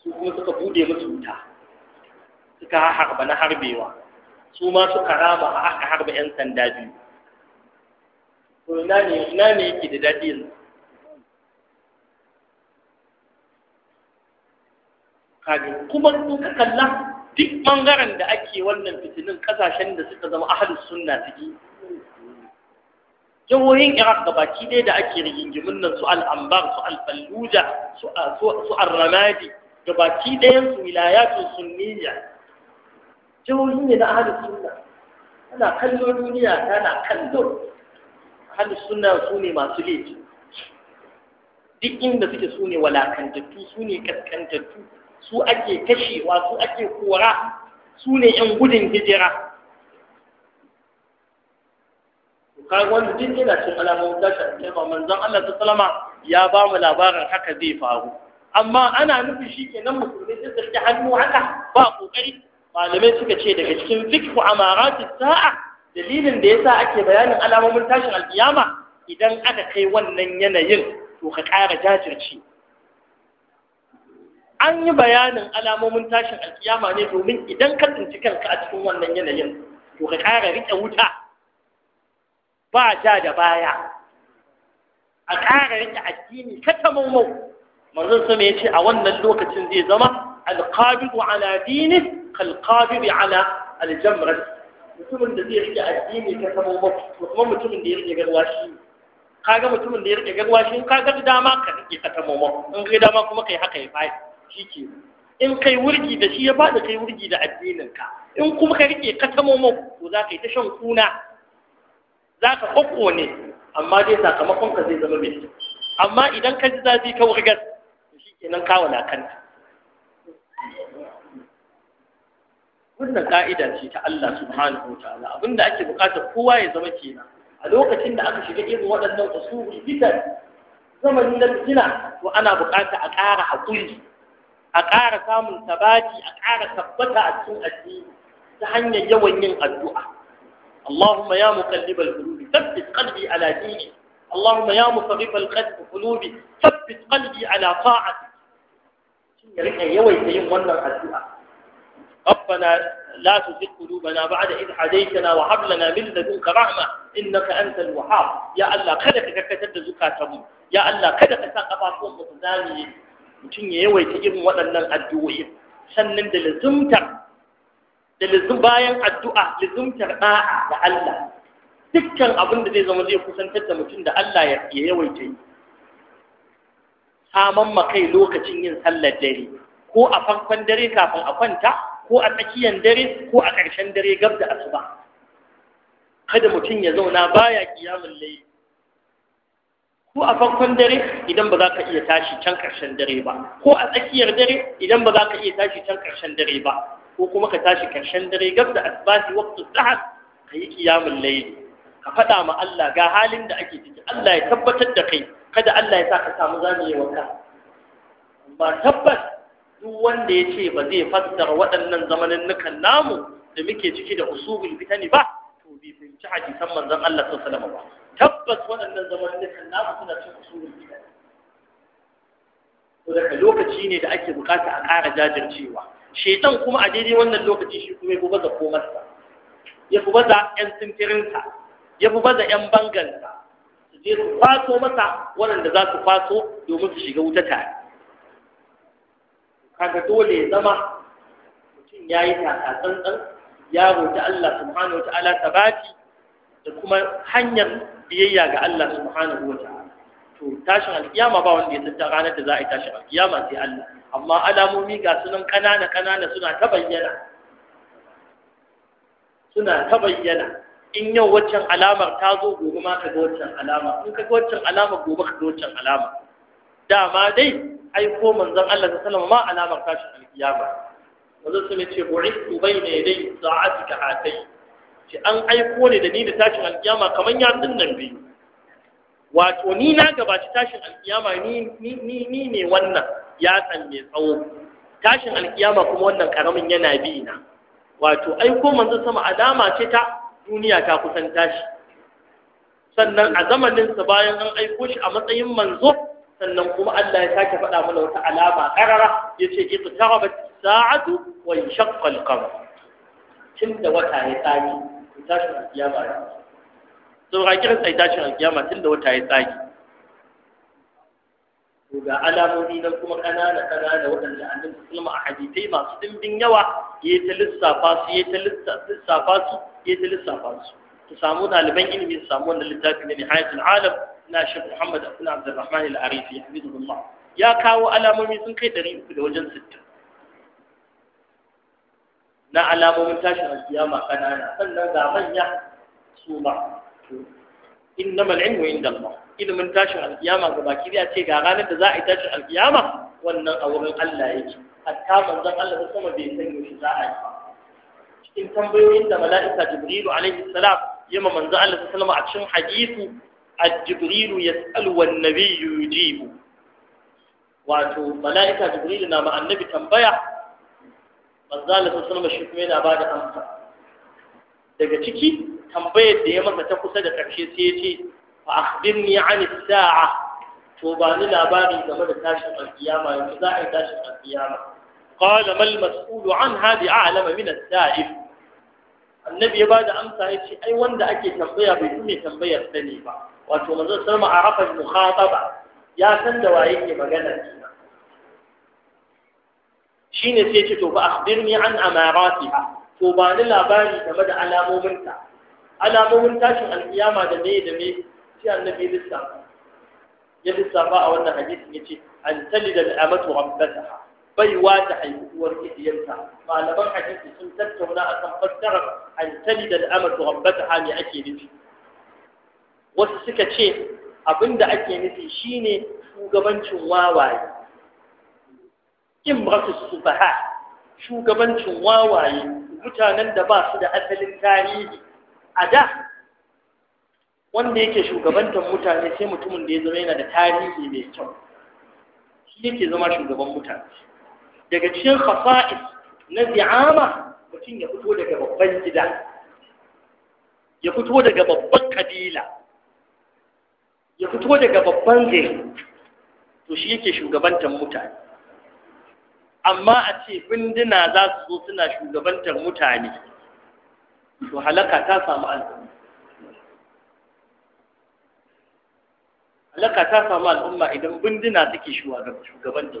su kuma suka bude musu wuta suka harba na harbewa su ma suka rama a aka harba 'yan sanda biyu. Ina ne yake da daɗi yanzu? kaji kuma in ka kalla duk bangaren da ake wannan fitinin kasashen da suka zama ahlus sunna suke jihohin iraq da baki ɗaya da ake rigingimin nan su al'ambar su al-falluja su al-ramadi da baki ɗayan su wilayatun sunniya jihohi ne na ahalus sunna ana kallo duniya tana kallo ahalus sunna su ne masu laifi duk inda suke su ne walakantattu su ne kaskantattu su ake kashewa su ake kora su ne ‘yan gudun hijira kayan wani duk yana cin alamomin tashin alƙiyama manzon Allah ta salama ya ba mu labarin haka zai faru amma ana nufin shi ke nan musulmi sun sarki hannu haka ba ƙoƙari malamai suka ce daga cikin fikhu amaratis sa'a dalilin da ya sa ake bayanin alamomin tashin alkiyama idan aka kai wannan yanayin to ka ƙara jajirce an yi bayanin alamomin tashin alkiyama ne domin idan ka tsinci kanka a cikin wannan yanayin to ka ƙara riƙe wuta ba ja da baya a ƙara riƙe addini ka ta mamau manzon sama ya ce a wannan lokacin zai zama alqabidu ala dini kalqabidu ala aljamrat mutumin da zai riƙe addini katamamau to kuma mutumin da ya riƙe garwa shi kaga mutumin da ya riƙe garwa shi ka ga dama ka riƙe ka ta mamau in ga dama kuma kai haka ya fayi shike in kai wurgi da shi ya bada kai wurgi da addininka in kuma ka rike katamomo to za ka yi ta shan kuna za ka kokko ne amma dai sakamakon ka zai zama mai amma idan ka ji zafi ka wurgar to shikenan ka kanta. wannan ka'ida ce ta Allah subhanahu wa ta'ala abinda ake bukata kowa ya zama kenan a lokacin da aka shiga irin waɗannan usuli bitan zamanin na fitina to ana bukata a ƙara haƙuri a ƙara samun sabati a ƙara tabbata a cikin addini ta hanyar yawan yin addu'a اللهم يا مقلب القلوب ثبت قلبي على دينك اللهم يا مصرف القلوب ثبت قلبي على طاعتك ya yawaita yin wannan addu'a ربنا لا تزغ قلوبنا بعد إذ هديتنا وهب لنا من لدنك رحمة إنك أنت الوهاب يا الله kada ka karkatar da zukatanmu ya Allah kada ka sa kafafun mu zamiye mutum ya yawaita irin waɗannan addu'o'i sannan da lizumtar da lizum bayan addu'a lizumtar ɗa'a da Allah dukkan abin da zai zama zai kusantar da mutum da Allah ya yawaita yi saman makai lokacin yin sallar dare ko a farkon dare kafin a kwanta ko a tsakiyar dare ko a ƙarshen dare gab da asuba kada mutum ya zauna baya kiyamun layi ko a farkon dare idan ba za ka iya tashi can ƙarshen dare ba ko a tsakiyar dare idan ba za ka iya tashi can ƙarshen dare ba ko kuma ka tashi ƙarshen dare gab da asbati waqtu sahar ka yi qiyamul layl ka faɗa ma Allah ga halin da ake ciki Allah ya tabbatar da kai kada Allah ya sa ka samu zamewa ka Ba tabbas duk wanda ya ce ba zai fassara waɗannan zamaninnukan namu da muke ciki da usulul fitani ba to bai fahimci hadisan manzon Allah sallallahu alaihi wasallam ba tabbas waɗannan zaman da suna cin usulun gida daga lokaci ne da ake bukata a ƙara jajircewa shaitan kuma a daidai wannan lokaci shi kuma ya fi baza komarsa ya fi baza 'yan sintirinsa ya baza ƴan bangansa su je su kwaso masa waɗanda za su kwaso domin su shiga wuta tare kaga dole ya zama mutum ya yi tsantsan ya roƙi Allah subhanahu wa ta'ala tabati da kuma hanyar biyayya ga Allah subhanahu wa ta'ala to tashin alkiyama ba wanda ya san ranar da za a yi tashin alkiyama sai Allah amma alamomi ga sunan kanana kanana suna ta bayyana suna ta bayyana in yau waccan alamar ta zo gobe ma ka ga waccan alama in ka ga waccan alama gobe ka ga waccan alama dama dai ai ko manzon Allah ta sallama ma alamar tashin alkiyama wanda sun ce bu'ithu bayna yaday sa'atika atayhi ce an aiko ne da ni da tashin alkiyama kamar yatsun nan biyu wato ni na gabaci tashin alkiyama ni ne wannan yatsan mai tsawo tashin alkiyama kuma wannan karamin yana bi na wato aiko manzo sama alama ce ta duniya ta kusan tashi sannan a zamanin sa bayan an aiko shi a matsayin manzo sannan kuma Allah ya sake faɗa mana wata alama ƙarara yace ce sa'atu wa al-qamar tun da wata ya tsagi ku tashi alkiyama ya saboda kiran sai tashin alkiyama tun da wata ya tsagi to ga alamomi nan kuma kanana kanana waɗanda annabi musulma a hadisai masu ɗimbin yawa ya yi ta lissafa su ya ta lissafa su ya ta lissafa su ku samu ɗaliban ilimi su samu wannan littafi na nihayatul alam na shi Muhammad Abdul Abdurrahman al-Arifi ya kawo alamomi sun kai ɗari uku da wajen sittin. na alamomin tashin alkiyama kanana sannan ga manya su ma innamal ilmu inda Allah ilimin tashin alkiyama ga baki da ce ga ranar da za a yi tashin alkiyama wannan a wurin Allah yake hatta manzon Allah da sama bai san yaushe za a yi cikin tambayoyin da mala'ika Jibrilu alaihi salam yamma manzon Allah sallallahu alaihi a cikin hadisi الجبريل يسأل والنبي يجيب wato mala'ika Jibrilu na ma annabi tambaya manzala ta sulma shi kuma yana bada amsa daga ciki tambayar da ya masa ta kusa da ƙarshe sai ya ce fa akhbirni an sa'a to ba ni labari game da tashin alkiyama yanzu za a yi tashin alkiyama qala mal mas'ulu anha bi a'lama min as-sa'il annabi ya bada amsa ya ce ai wanda ake tambaya bai san mai tambayar sani ba wato manzon sallama arafa al-mukhataba ya san da waye ke magana Shi ne sai ce to ba akhbirni an amaratiha to ba ni labari game da alamominta alamomin tashin alkiyama da me da me sai annabi lissafa ya lissafa a wannan hadisin ce, an talida al'amatu rabbataha baiwa ta haifi uwar kidiyarta malaman hadisi sun tattauna a akan fassarar an talida al'amatu rabbataha me ake nufi wasu suka ce abinda ake nufi shine shugabancin wawaye imratu sufaha shugabancin wawaye mutanen da ba su da asalin tarihi a da wanda yake shugabantar mutane sai mutumin da ya zama yana da tarihi mai kyau shi yake zama shugaban mutane daga cikin khasa'is na zi'ama mutum ya fito daga babban gida ya fito daga babban kabila ya fito daga babban gari to shi yake shugabantar mutane amma a ce bindina za su zo suna shugabantar mutane to halaka ta samu al'umma halaka ta samu al'umma idan bindina suke shugabantar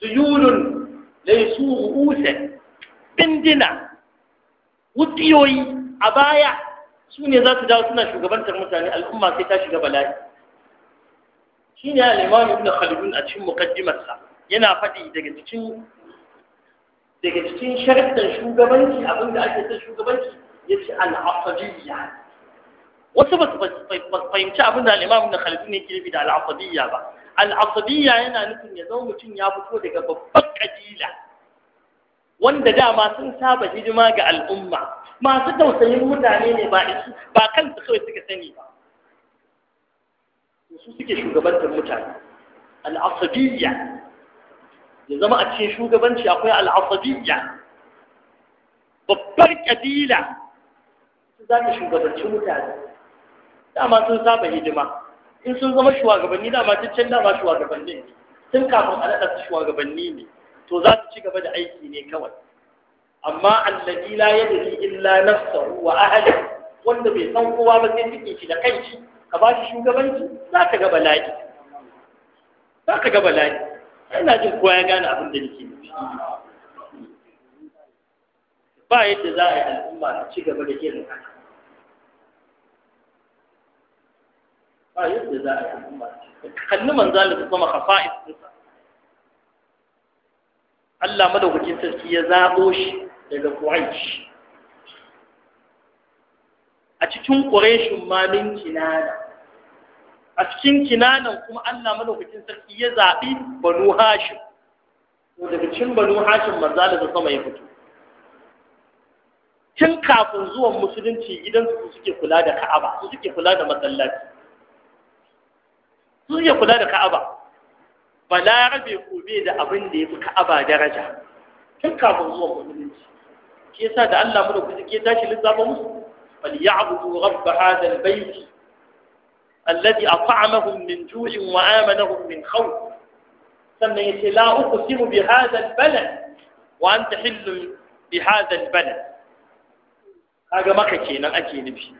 su lai su ru'usan bindina wutiyoyi a baya su ne za su dawo suna shugabantar mutane al'umma sai ta shiga bala'i shi ne al'imamu ibn khalidun a cikin muqaddimarsa yana faɗi daga cikin daga cikin sharɗin shugabanci abinda ake son shugabanci ya ce al'afadiyya wasu ba su fahimci abin da al'imam na khalidu ne ke da al'afadiyya ba al'afadiyya yana nufin ya zama mutum ya fito daga babban kabila wanda dama sun saba hidima ga al'umma masu tausayin mutane ne ba isu ba kansu kawai suka sani ba su suke shugabantar mutane al'afadiyya ya zama a cikin shugabanci akwai al'asabiyya babbar kabila za ta shugabanci mutane dama sun saba hidima in sun zama shugabanni dama can dama shugabannin sun tun kafin a naɗa shugabanni ne to za su ci gaba da aiki ne kawai amma allabi la yadri illa nafsa wa ahli wanda bai san kowa ba sai cikin shi da kanshi ka ba shi shugabanci za ka ga bala'i za ka ga bala'i ina jin kowa ya gane abin da nake nufi ba yadda za a yi al'umma ta ci gaba da irin haka ba yadda za a yi al'umma kalli man da kuma hafa'is ɗinsa Allah madaukakin sarki ya zaɓo shi daga Quraysh a cikin Qurayshin ma min kinana a cikin kinanan kuma Allah madaukakin sarki ya zaɓi banu hashim to daga cikin banu hashim manzo da sama ya fito tun kafin zuwan musulunci idan su suke kula da ka'aba su suke kula da masallaci su suke kula da ka'aba balarabe kobe da abin da ya fi ka'aba daraja tun kafin zuwan musulunci ke yasa da Allah na da kuke tashi lissafa musu fal ya'budu rabb hadha al-bayt الذي أطعمهم من جوع وآمنهم من خوف ثم لا أقسم بهذا البلد وأنت حل بهذا البلد هذا ما كينا نعم، أكي نبي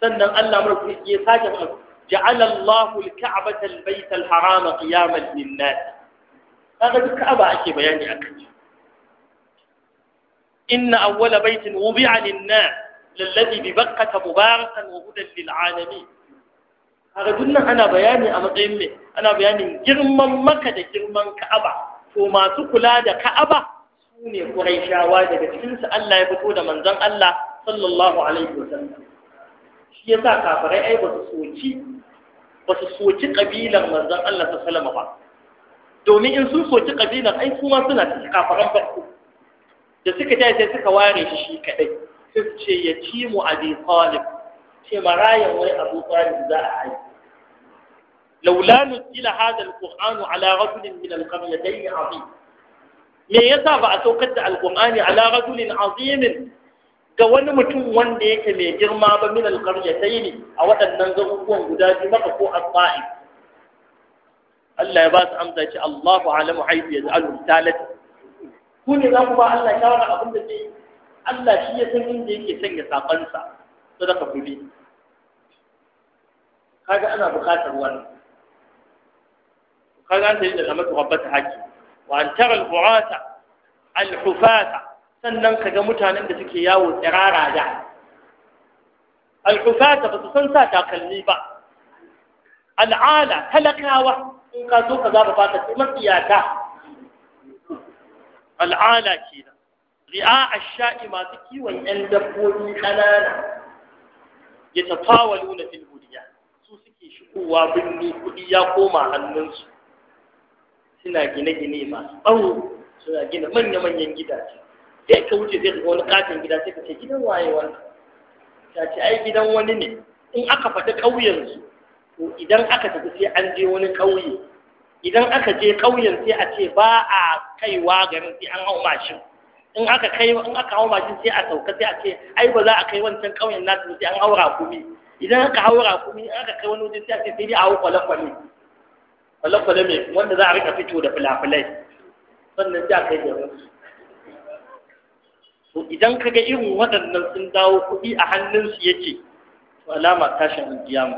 سنة الله مرحبا يساجم جعل الله الكعبة البيت الحرام قياما للناس هذا الكعبة أكيد بياني أكيد إن أول بيت وضع للناس للذي ببقة مباركا وهدى للعالمين kaga nan ana bayani a matsayin mai ana bayanin girman maka da girman ka'aba to masu kula da ka'aba su ne shawa daga cikin su Allah ya fito da manzon Allah sallallahu alaihi wasallam shi yasa kafirai ai basu soci basu soci kabilar manzon Allah sallallahu alaihi ba domin in sun soci ƙabilar ai kuma suna cikin kafiran farko da suka tashi sai suka ware shi kadai sai su ce ya ci mu abi talib ce marayan wai abu talib za a haihu laula nuzila hadha alqur'anu ala rajulin min alqaryatayn azim me yasa ba a saukar da alqur'ani ala rajulin azim ga wani mutum wanda yake mai girma ba min alqaryatayn a waɗannan zabubuwan guda biyu maka ko asba'i Allah ya ba su amsa ce Allahu alamu ya yaz'alu talata ku ne za ku ba Allah shawara abin da zai Allah shi ya san inda yake sanya sakonsa صدقه لي هذا انا بخاطر وانا قال انت اذا لم تغبت حكي وان ترى الفعاتة الحفاتة سنن كجا متان انت سكي ياو ترارا جا الحفاتة بتسنسا تاقلني با العالة تلقاوة ان قادو كذاب فاتة من اياتا العالة كينا رئاء الشائمة تكي وان دبوني خلالة ya tafawalu luna fil hudiya su suke shigowa birni kudi ya koma hannunsu suna gine-gine masu tsawo suna gina manya-manyan gidaje sai ka wuce zai ga wani katin gida sai ka ce gidan waye wannan ta ce ai gidan wani ne in aka faɗi ƙauyensu to idan aka tafi sai an je wani ƙauye idan aka je ƙauyen sai a ce ba a kaiwa garin sai an hau mashin in aka kai in aka hau mashin sai a sauka sai a ce ai ba za a kai wancan ƙauyen nasu sai an haura kumi idan aka haura kumi in aka kai wani wajen sai a ce sai dai a hau kwale-kwale kwale-kwale mai wanda za a rika fito da filafilai sannan sai a kai da wasu to idan ka ga irin waɗannan sun dawo kuɗi a hannunsu yake to alama tashin alkiyama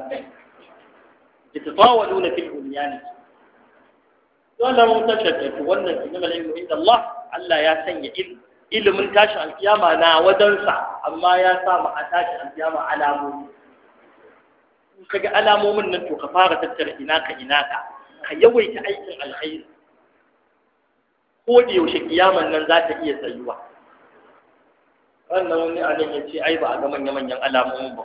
yatatawalu nuna fil bunyan dole mun tashar da wannan ina al-ilmu Allah Allah ya sanya ilimin tashin alkiyama na wajensa amma ya sa ma a tashin alkiyama alamomi ka ga alamomin nan to ka fara tattara ina ka ina ka ka yawaita aikin alkhairi ko da yaushe kiyaman nan za ta iya tsayuwa wannan wani anan ya ce ai ba a ga manya-manyan alamomin ba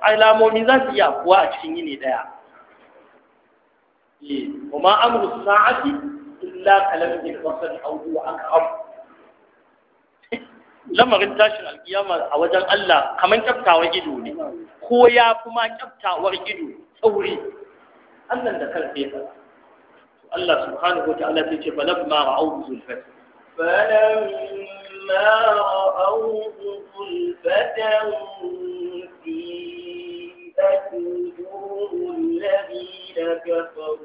alamomi za su iya kuwa a cikin yini ɗaya وما أمر الساعة إلا كلمه البصر أو هو أقرب lamarin tashin alkiyama a wajen Allah kamar kyaftawar ido ne ko ya kuma kyaftawar ido tsauri Allah da karfe ka Allah subhanahu wa ta'ala sai ce falamma ra'aw وجوه الذين كفروا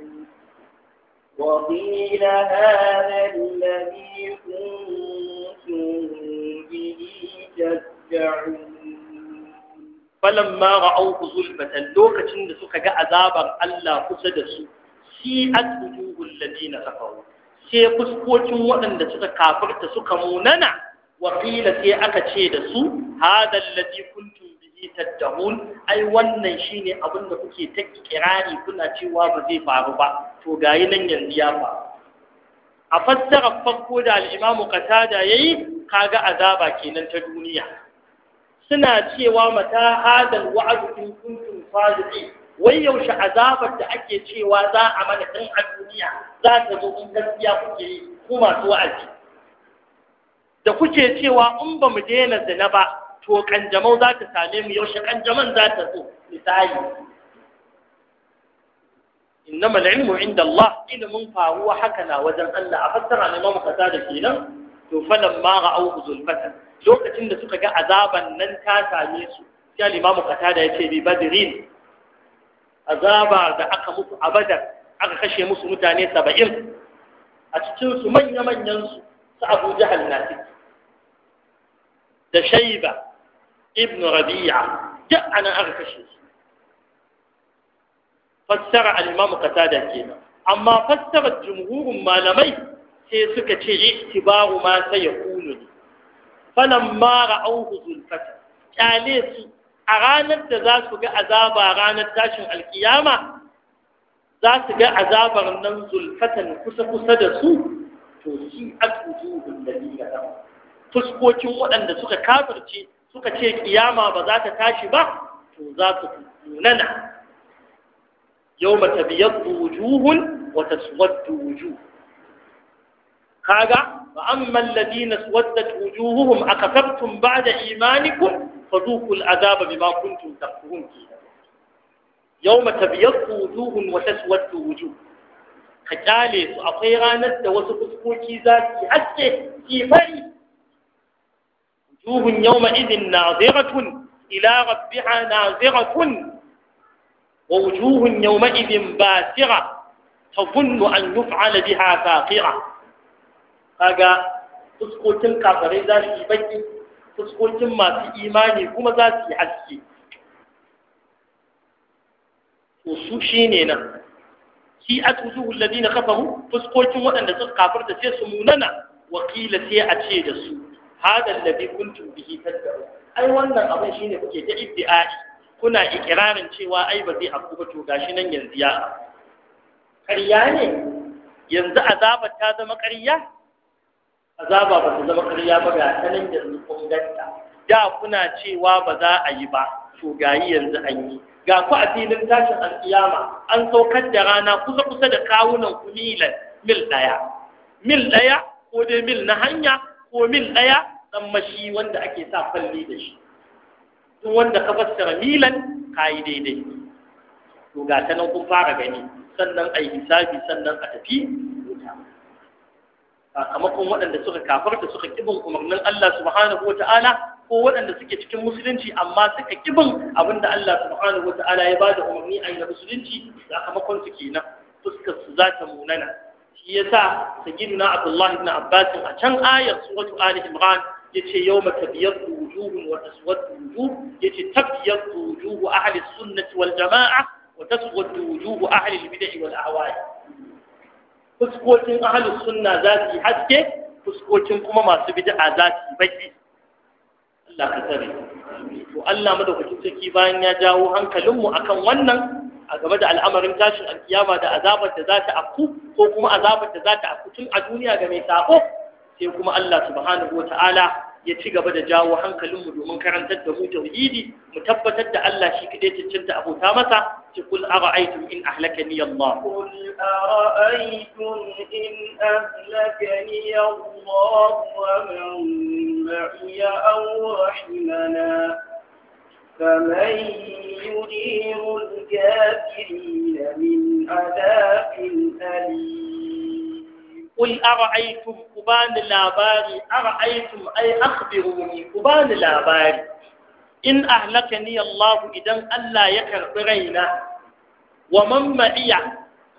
وقيل هذا الذي كنتم به تدعون da suka ga azabar Allah kusa da su si'at wujuhul ladina kafaru sai fuskocin waɗanda suka kafirta suka munana wa qila sai aka ce da su hadha alladhi kuntum bihi tad'un ai wannan shine abin da kuke ta kirari kuna cewa ba zai faru ba to gayi nan yanzu ya faru a fassara farko da al-Imam Qatada yayi kaga azaba kenan ta duniya suna cewa mata hadal wa'd in kuntum wai yaushe azabar da ake cewa za a mana din a duniya za ta zo in gaskiya kuke yi ku masu wa'azi da kuke cewa in ba mu daina zina ba to kanjamau za ta same mu yaushe kanjaman za ta zo misali innama al-ilmu inda Allah ilimin faruwa haka na wajen Allah a fassara ne mamu kasa da kenan to falan ma ra'au zulfatan lokacin da suka ga azaban nan ta same su sai al-imamu kasa da yace bi badrin azaba da aka mutu a badar aka kashe musu mutane saba'in a cikin su manya-manyan su su abu jahal da shaiba ibn rabi'a duk ana aka kashe su fassara al-imam qatada kenan amma fassara jumhurin malamai sai suka ce ittibaru ma sai ya kunu ne falamma ra'awhu zulfata kyale su a ranar da za su ga azaba ranar tashin alkiyama za su ga azabar nan zulfatan kusa-kusa da su to shi da ni fuskokin waɗanda suka kafirce suka ce kiyama ba za ta tashi ba to za su nunana yawma tabyaddu wujuhun wa taswaddu wujuh kaga wa amma alladhina swaddat wujuhuhum akafartum ba'da imanikum fadhuqul adhaba bima kuntum takfurun yawma tabyaddu wujuhun wa wata wujuh ka kyale su akwai ranar da wasu kuskoki za su yi haske ki fari وجوه يومئذ ناظرة إلى ربها ناظرة ووجوه يومئذ باسرة تظن أن يفعل بها فاقرة هذا تسقل تلك فريدا في بيت تسقل تما في إيماني كما ذاتي حسي وسوشينينا سيئة وجوه الذين خفروا فسقل وأن أن تلك فريدا سيسموننا وقيل سيئة شيء جسوه hada bi kuntu bihi tad'un ai wannan abin shine kuke ta iddi'ai kuna ikirarin cewa ai ba zai afku ba to gashi nan yanzu ya ƙarya ne yanzu azaba ta zama ƙarya azaba ba ta zama ƙarya ba ga ta nan yanzu kun ganta da kuna cewa ba za a yi ba to gayi yanzu an yi ga ku a filin tashin alkiyama an saukar da rana kusa kusa da kawunan ku milan mil ɗaya mil ɗaya ko dai mil na hanya ko mil ɗaya dan mashi wanda ake sa falli da shi duk wanda ka fassara milan kayi daidai to ga ta nan kun fara gani sannan ai hisabi sannan a tafi sakamakon waɗanda suka kafarta suka kibin umarnin Allah subhanahu wata'ala ko waɗanda suke cikin musulunci amma suka kibin abinda Allah subhanahu wata'ala ya bada umarni a yi na musulunci sakamakon su kenan fuskar su za ta munana shi yasa gina Abdullahi ibn Abbas a can ayar suratu Ali Imran yace yawma tabyaddu wujuhun wa taswaddu wujuh yace tabyaddu wujuh ahli sunnati wal jamaa wata suwar wujuh ahli al bid'ah wal ahwa Fuskocin ahalin sunna za su yi haske fuskocin kuma masu bid'a za su yi baki Allah ka tsare to Allah madaukakin sarki bayan ya jawo hankalinmu akan wannan a game da al'amarin tashin alkiyama da azabar da za ta afku ko kuma azabar da za ta afku tun a duniya ga mai sako sai kuma Allah subhanahu ta'ala. ya ci gaba da jawo hankalinmu domin karantar da mu tauhidi mu tabbatar da Allah shi kadai cancanta abota masa ci kul ara'aytum in ahlakani Allah kul ara'aytum in ahlakani Allah wa man ma'iya aw rahimana فمن يريد الكافرين من عذاب أليم قل أرأيتم قبان لاباري أرأيتم أي أخبروني قبان لاباري إن أهلكني الله إذن ألا يكرب رينا ومن معي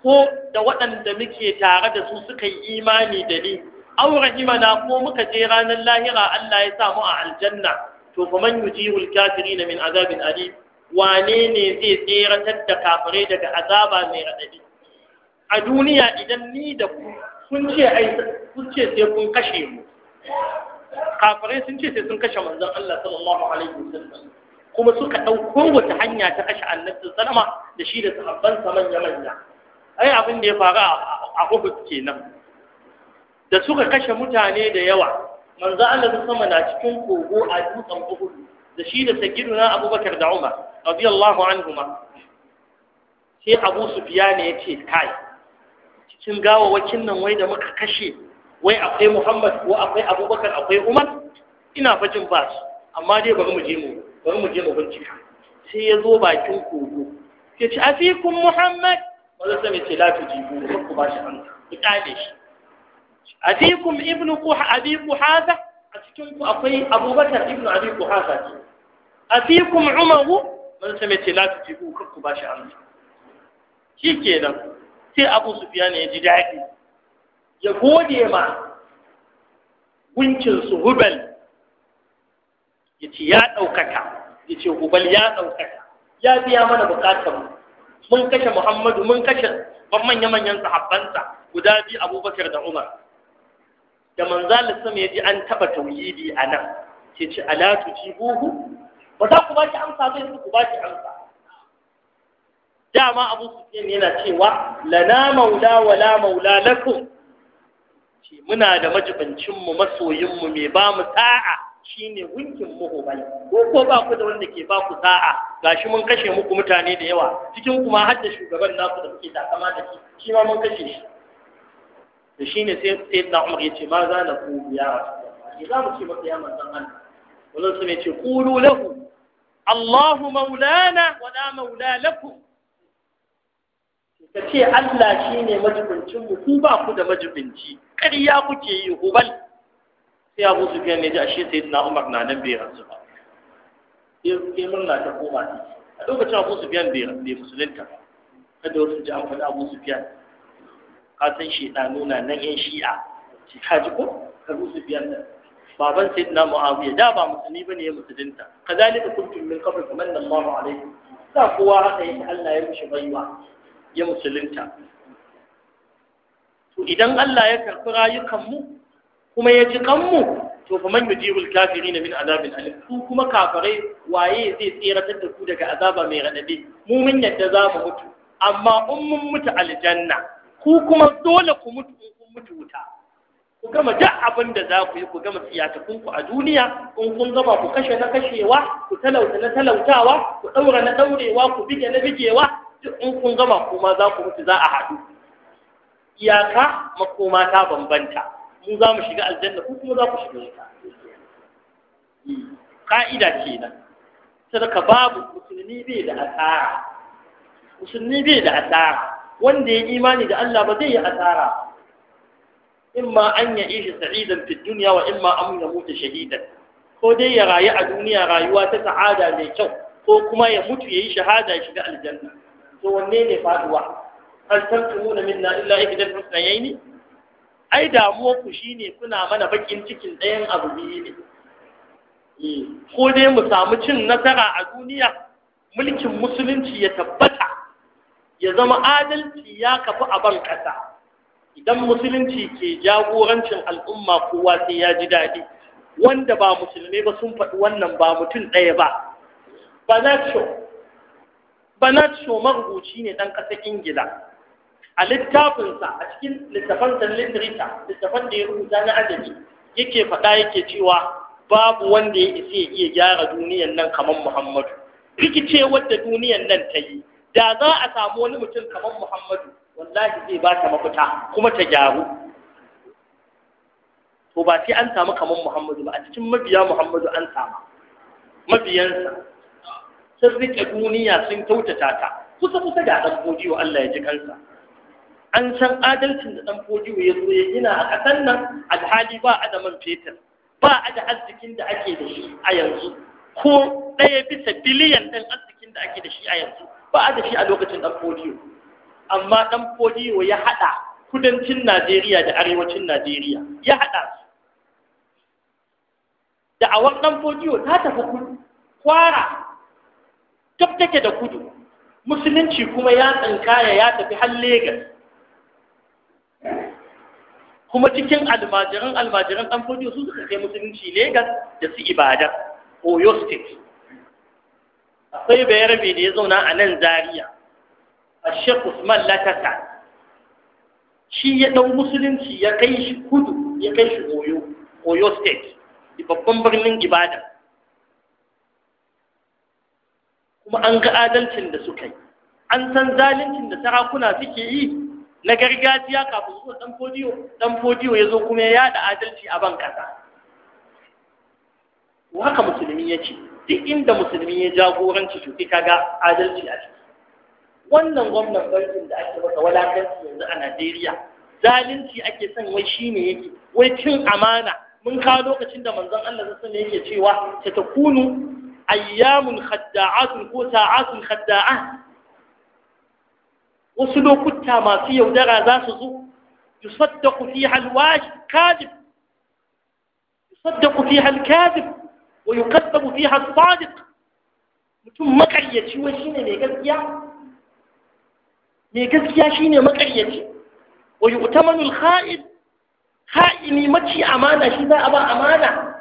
ko da waɗanda muke tare da su suka yi imani da ni aw rahimana ko muka je ranar lahira Allah ya samu a aljanna to fa man yujihul kafirin min azabin alim wane ne zai tseratar da kafirai daga azaba mai radadi a duniya idan ni da ku kun ce ai kun ce sai kun kashe mu kafirai sun ce sai sun kashe manzon Allah sallallahu alaihi wasallam kuma suka ɗauko wata hanya ta kashe annabi sallama da shi da sahabbansa manya manya ai abin da ya faru a Uhud kenan da suka kashe mutane da yawa manzon Allah sama na cikin kogo a dutsen Uhud da shi da sayyiduna Abubakar da Umar radiyallahu anhuma sai Abu Sufyan ya ce kai Kin shin gawawakin nan wai da muka kashe wai akwai muhammad ko akwai abubakar akwai umar ina fajin ba su amma dai bari mu je mu bari mu je mu bincika sai ya zo bakin kogo ya ce afikun muhammad ba sai mai ce la tujibu ba ku ba shi amsa ku kale shi afikun ibnu quha abi quhaza a cikin ku akwai abubakar ibnu abi quhaza ce afikun umaru wanda sai sami ce la tujibu ku ba shi amsa shikenan sai abu su sufiyan ya ji daɗi ya gode ma gunkin su hubal ya ce ya ɗaukaka ya ce hubal ya ɗaukaka ya biya mana bukatar mu mun kashe muhammadu mun kashe manya-manyan sahabbansa guda biyu abubakar da umar da manzali sama ya ji an taɓa tauhidi a nan ke ce ala buhu ba za ku ba shi amsa zai ku ba shi amsa dama abu sufyan yana cewa lana maula wala maula lakum ce muna da majibancin mu masoyin mu mai ba mu sa'a shine gunkin mu hubal ko ko ba ku da wanda ke ba ku sa'a gashi mun kashe muku mutane da yawa cikin kuma har da shugaban naku da kuke takama da shi shi ma mun kashe shi da shine sai sai da Umar yace ma za na ku ya Rasulullah za mu ce maka ya manzon Allah wannan sune yace qulu lahu Allahu maulana wa la maula lakum ka ce Allah shi ne majibincinmu ku ba ku da majibinci ƙarya kuke yi hubal sai Abu biyan ne ji ashe sayyidina Umar na nan bai rasu ba sai murna ta koma ne. a lokacin Abu biyan bai bai musulunta ba kada wasu ji an faɗi Abu Sufyan ka san shi na nuna nan yan shi'a ce ka ji ko Abu biyan nan baban sayyidina Muawiya da ba musulmi bane ya musulunta kazalika kuntum min qabl famanna Allahu alayhi da kowa haka yake Allah ya mishi baiwa ya musulunta to idan Allah ya karɓi rayukanmu kuma ya ji kanmu to fa man yujibul kafirin min azabin alim ku kuma kafirai waye zai tsira da ku daga azaba mai radadi mu mun yadda za mu mutu amma in mun mutu aljanna ku kuma dole ku mutu in kun mutu wuta ku gama duk abin da za ku yi ku gama siyatakun ku a duniya in kun zama ku kashe na kashewa ku talauta na talautawa ku ɗaura na ɗaurewa ku bige na bigewa duk in kun gama kuma za ku mutu za a haɗu iyaka makoma ta bambanta mu za mu shiga aljanna ku kuma za ku shiga wuta ka'ida kenan sadaka babu musulmi bai da asara musulmi bai da asara wanda ya imani da Allah ba zai yi asara ma an yi ishi sa'idan fi duniya wa imma an ya mutu shahidan ko dai ya rayu a duniya rayuwa ta sa'ada mai kyau ko kuma ya mutu ya yi shahada ya shiga aljanna to wanne ne faduwa hal tantumuna minna illa ihdal husnayn ai damuwa ku shine kuna mana bakin cikin ɗayan abu biyu ne eh, ko dai mu samu cin nasara a duniya mulkin musulunci ya tabbata ya zama adalci ya kafi a ban ƙasa idan musulunci ke jagorancin al'umma kowa sai ya ji daɗi wanda ba musulmai ba sun faɗi wannan ba mutum ɗaya ba ba banat show marubuci ne ɗan ƙasar ingila a littafinsa a cikin littafan da literature littafan da ya rubuta na adabi yake faɗa yake cewa babu wanda ya isa ya iya gyara duniyan nan kamar muhammadu rikice wadda duniyan nan ta yi da za a samu wani mutum kamar muhammadu wallahi zai ba ta mafita kuma ta gyaru to ba sai an samu kamar muhammadu ba a cikin mabiya muhammadu an samu mabiyansa sun rike duniya sun kyautata ta kusa kusa da dan fodiyo Allah ya ji kansa an san adalcin da dan fodiyo ya zo ya gina a kasan nan alhali ba a da man fetur ba a da arzikin da ake da shi a yanzu ko ɗaya bisa biliyan ɗin arzikin da ake da shi a yanzu ba a da shi a lokacin ɗan fodiyo amma ɗan fodiyo ya haɗa kudancin najeriya da arewacin najeriya ya haɗa su da awar ɗan fodiyo ta tafi kwara duk take da kudu musulunci kuma ya tsinkaya ya tafi har Legas kuma cikin almajiran almajiran dan fodiyo su suka kai musulunci Legas da su ibada. Oyo State akwai bayar bai da ya zauna a nan Zaria a Usman Latata shi ya ɗau musulunci ya kai shi kudu ya kai shi Oyo Oyo State babban birnin Ibadan kuma an ga adalcin da suka yi an san zalincin da sarakuna suke yi na gargajiya kafin zuwa dan fodiyo dan fodiyo ya zo kuma ya yada adalci a ban kasa haka musulmi ya ce duk inda musulmi ya jagoranci to ka ga adalci a ciki wannan gwamnan bankin da ake masa walakanci yanzu a Najeriya zalunci ake son wai shine yake wai cin amana mun kawo lokacin da manzon Allah sallallahu alaihi yake cewa ta takunu أيام خداعات وساعات خداعة وسلوك التماسية ودغى ذاسه يصدق فيها الواجب كاذب يصدق فيها الكاذب ويكذب فيها الصادق متم مقرية شو شين ميقذيا ميقذيا شين مقرية ويؤتمن الخائن خائن يمشي أمانة شذا أبا أمانة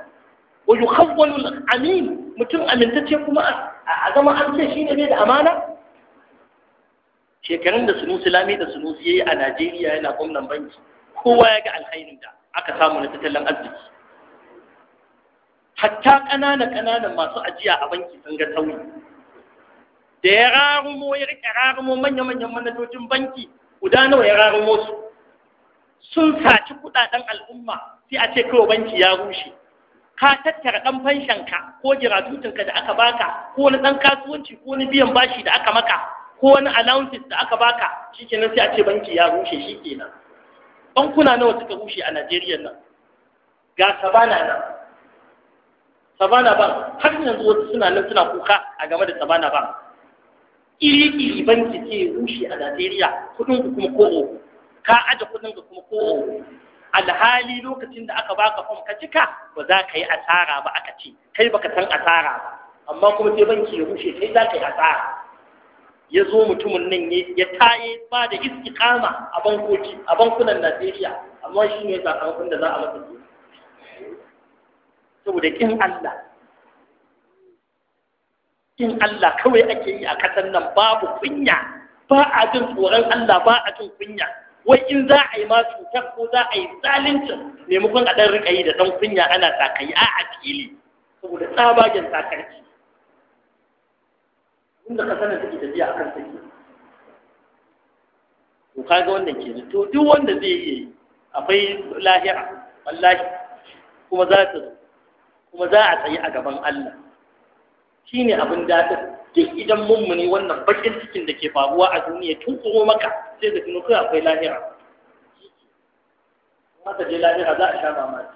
ويخول الأمين mutum amintacce kuma a zama an ce shi ne bai da amana shekarun da sunusi lami da sunusi ya yi a najeriya yana gwamnan banki kowa ya ga alkhairin da aka samu na tattalin arziki hatta ƙananan ƙananan masu ajiya a banki sun ga sauyi da ya rarumo ya rike rarumo manya-manyan manajojin banki guda nawa ya rarumo su sun saci kuɗaɗen al'umma sai a ce kawai banki ya rushe ka tattara ɗan fanshanka ko jiratutunka da aka baka ko wani ɗan kasuwanci ko wani biyan bashi da aka maka ko wani allowances da aka baka shikenan sai a ce banki ya rushe shi nan. bankuna nawa suka rushe a Najeriya nan ga Sabana nan Sabana Bank har yanzu wasu suna nan suna kuka a game da Sabana Bank iri-iri banki ke rushe a Najeriya kuɗin ku kuma ko ka aje kuɗin ku kuma ko alhali lokacin da aka baka fom ka cika ba za ka yi asara ba aka ce kai baka san asara ba amma kuma sai banki ya rushe sai za ka yi asara ya zo mutumin nan ya taye ba da istiqama a bankoki a bankunan Najeriya amma shi ne sakamakon da za a masa saboda kin Allah kin Allah kawai ake yi a kasan nan babu kunya ba a jin tsoron Allah ba a jin kunya wai in za a yi ma cutar ko za a yi zalincin maimakon a ɗan rika yi da ɗan kunya ana takayi a a fili saboda tsabagen takarci inda ka sanar take tafiya akan take to kaga wannan ke to duk wanda zai yi akwai lahira wallahi kuma za ta kuma za a tsayi a gaban Allah shine abin dadin duk idan mummuni wannan bakin cikin da ke faruwa a duniya tun tsoro maka sai ka tuno kai akwai lahira mata je lahira za a sha mamaki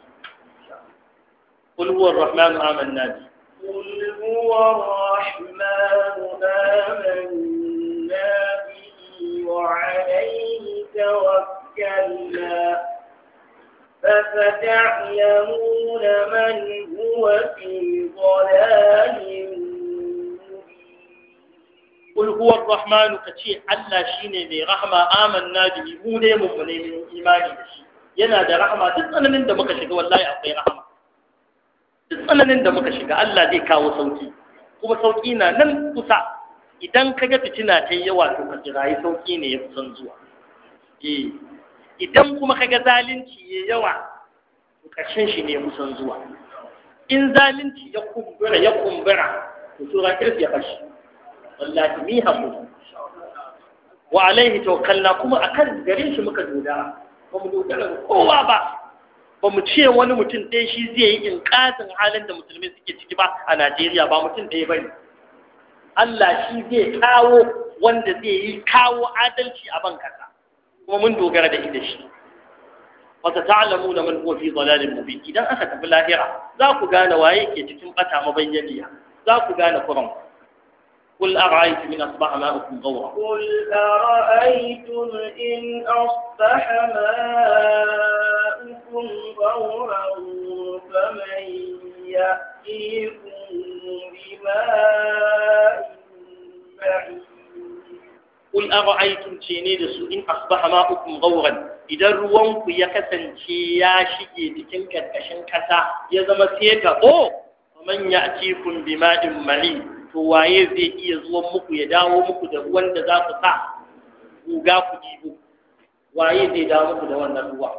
قل هو الرحمن آمنا به قل هو الرحمن آمنا به وعليه توكلنا فستعلمون من هو في ضلال قل هو الرحمن كتي الله شيني مي رحمة mu ne مو ne ممني imani da shi yana da rahama duk tsananin da muka shiga wallahi akwai rahama duk tsananin da muka shiga Allah zai kawo sauki kuma sauki na nan kusa idan ka ga fitina ta yi yawa to ka yi sauki ne ya kusan zuwa eh idan kuma ka ga zalunci ya yawa to ƙarshen shi ne ya kusan zuwa in zalunci ya kumbura ya kumbura to sura kirfi ya kashi wallahi mi haku wa alaihi tawakkalna kuma akan gare shi muka doda ba mu dogara ga kowa ba ba mu ce wani mutum ɗaya shi zai yi inkasin halin da musulmi suke ciki ba a Najeriya ba mutum ɗaya bane Allah shi zai kawo wanda zai yi kawo adalci a ban kasa kuma mun dogara da ita shi ta ta'lamu da man huwa fi dalalin mubin idan aka tafi lahira za ku gane waye ke cikin bata mabayyaniya za ku gane kuran قل أرأيتم إن أصبح ماؤكم غورا قل أرأيتم إن أصبح ماؤكم غورا فمن يأتيكم بماء معين قل أرأيتم تيني إن أصبح ماؤكم غورا إذا روانك يكسن تياشي ya أشنكتا يزمسيك أو ومن يأتيكم بماء مليء to waye zai iya zuwan muku ya dawo muku da ruwan da za ku sa guga ku ɗibo waye zai dawo muku da wannan ruwa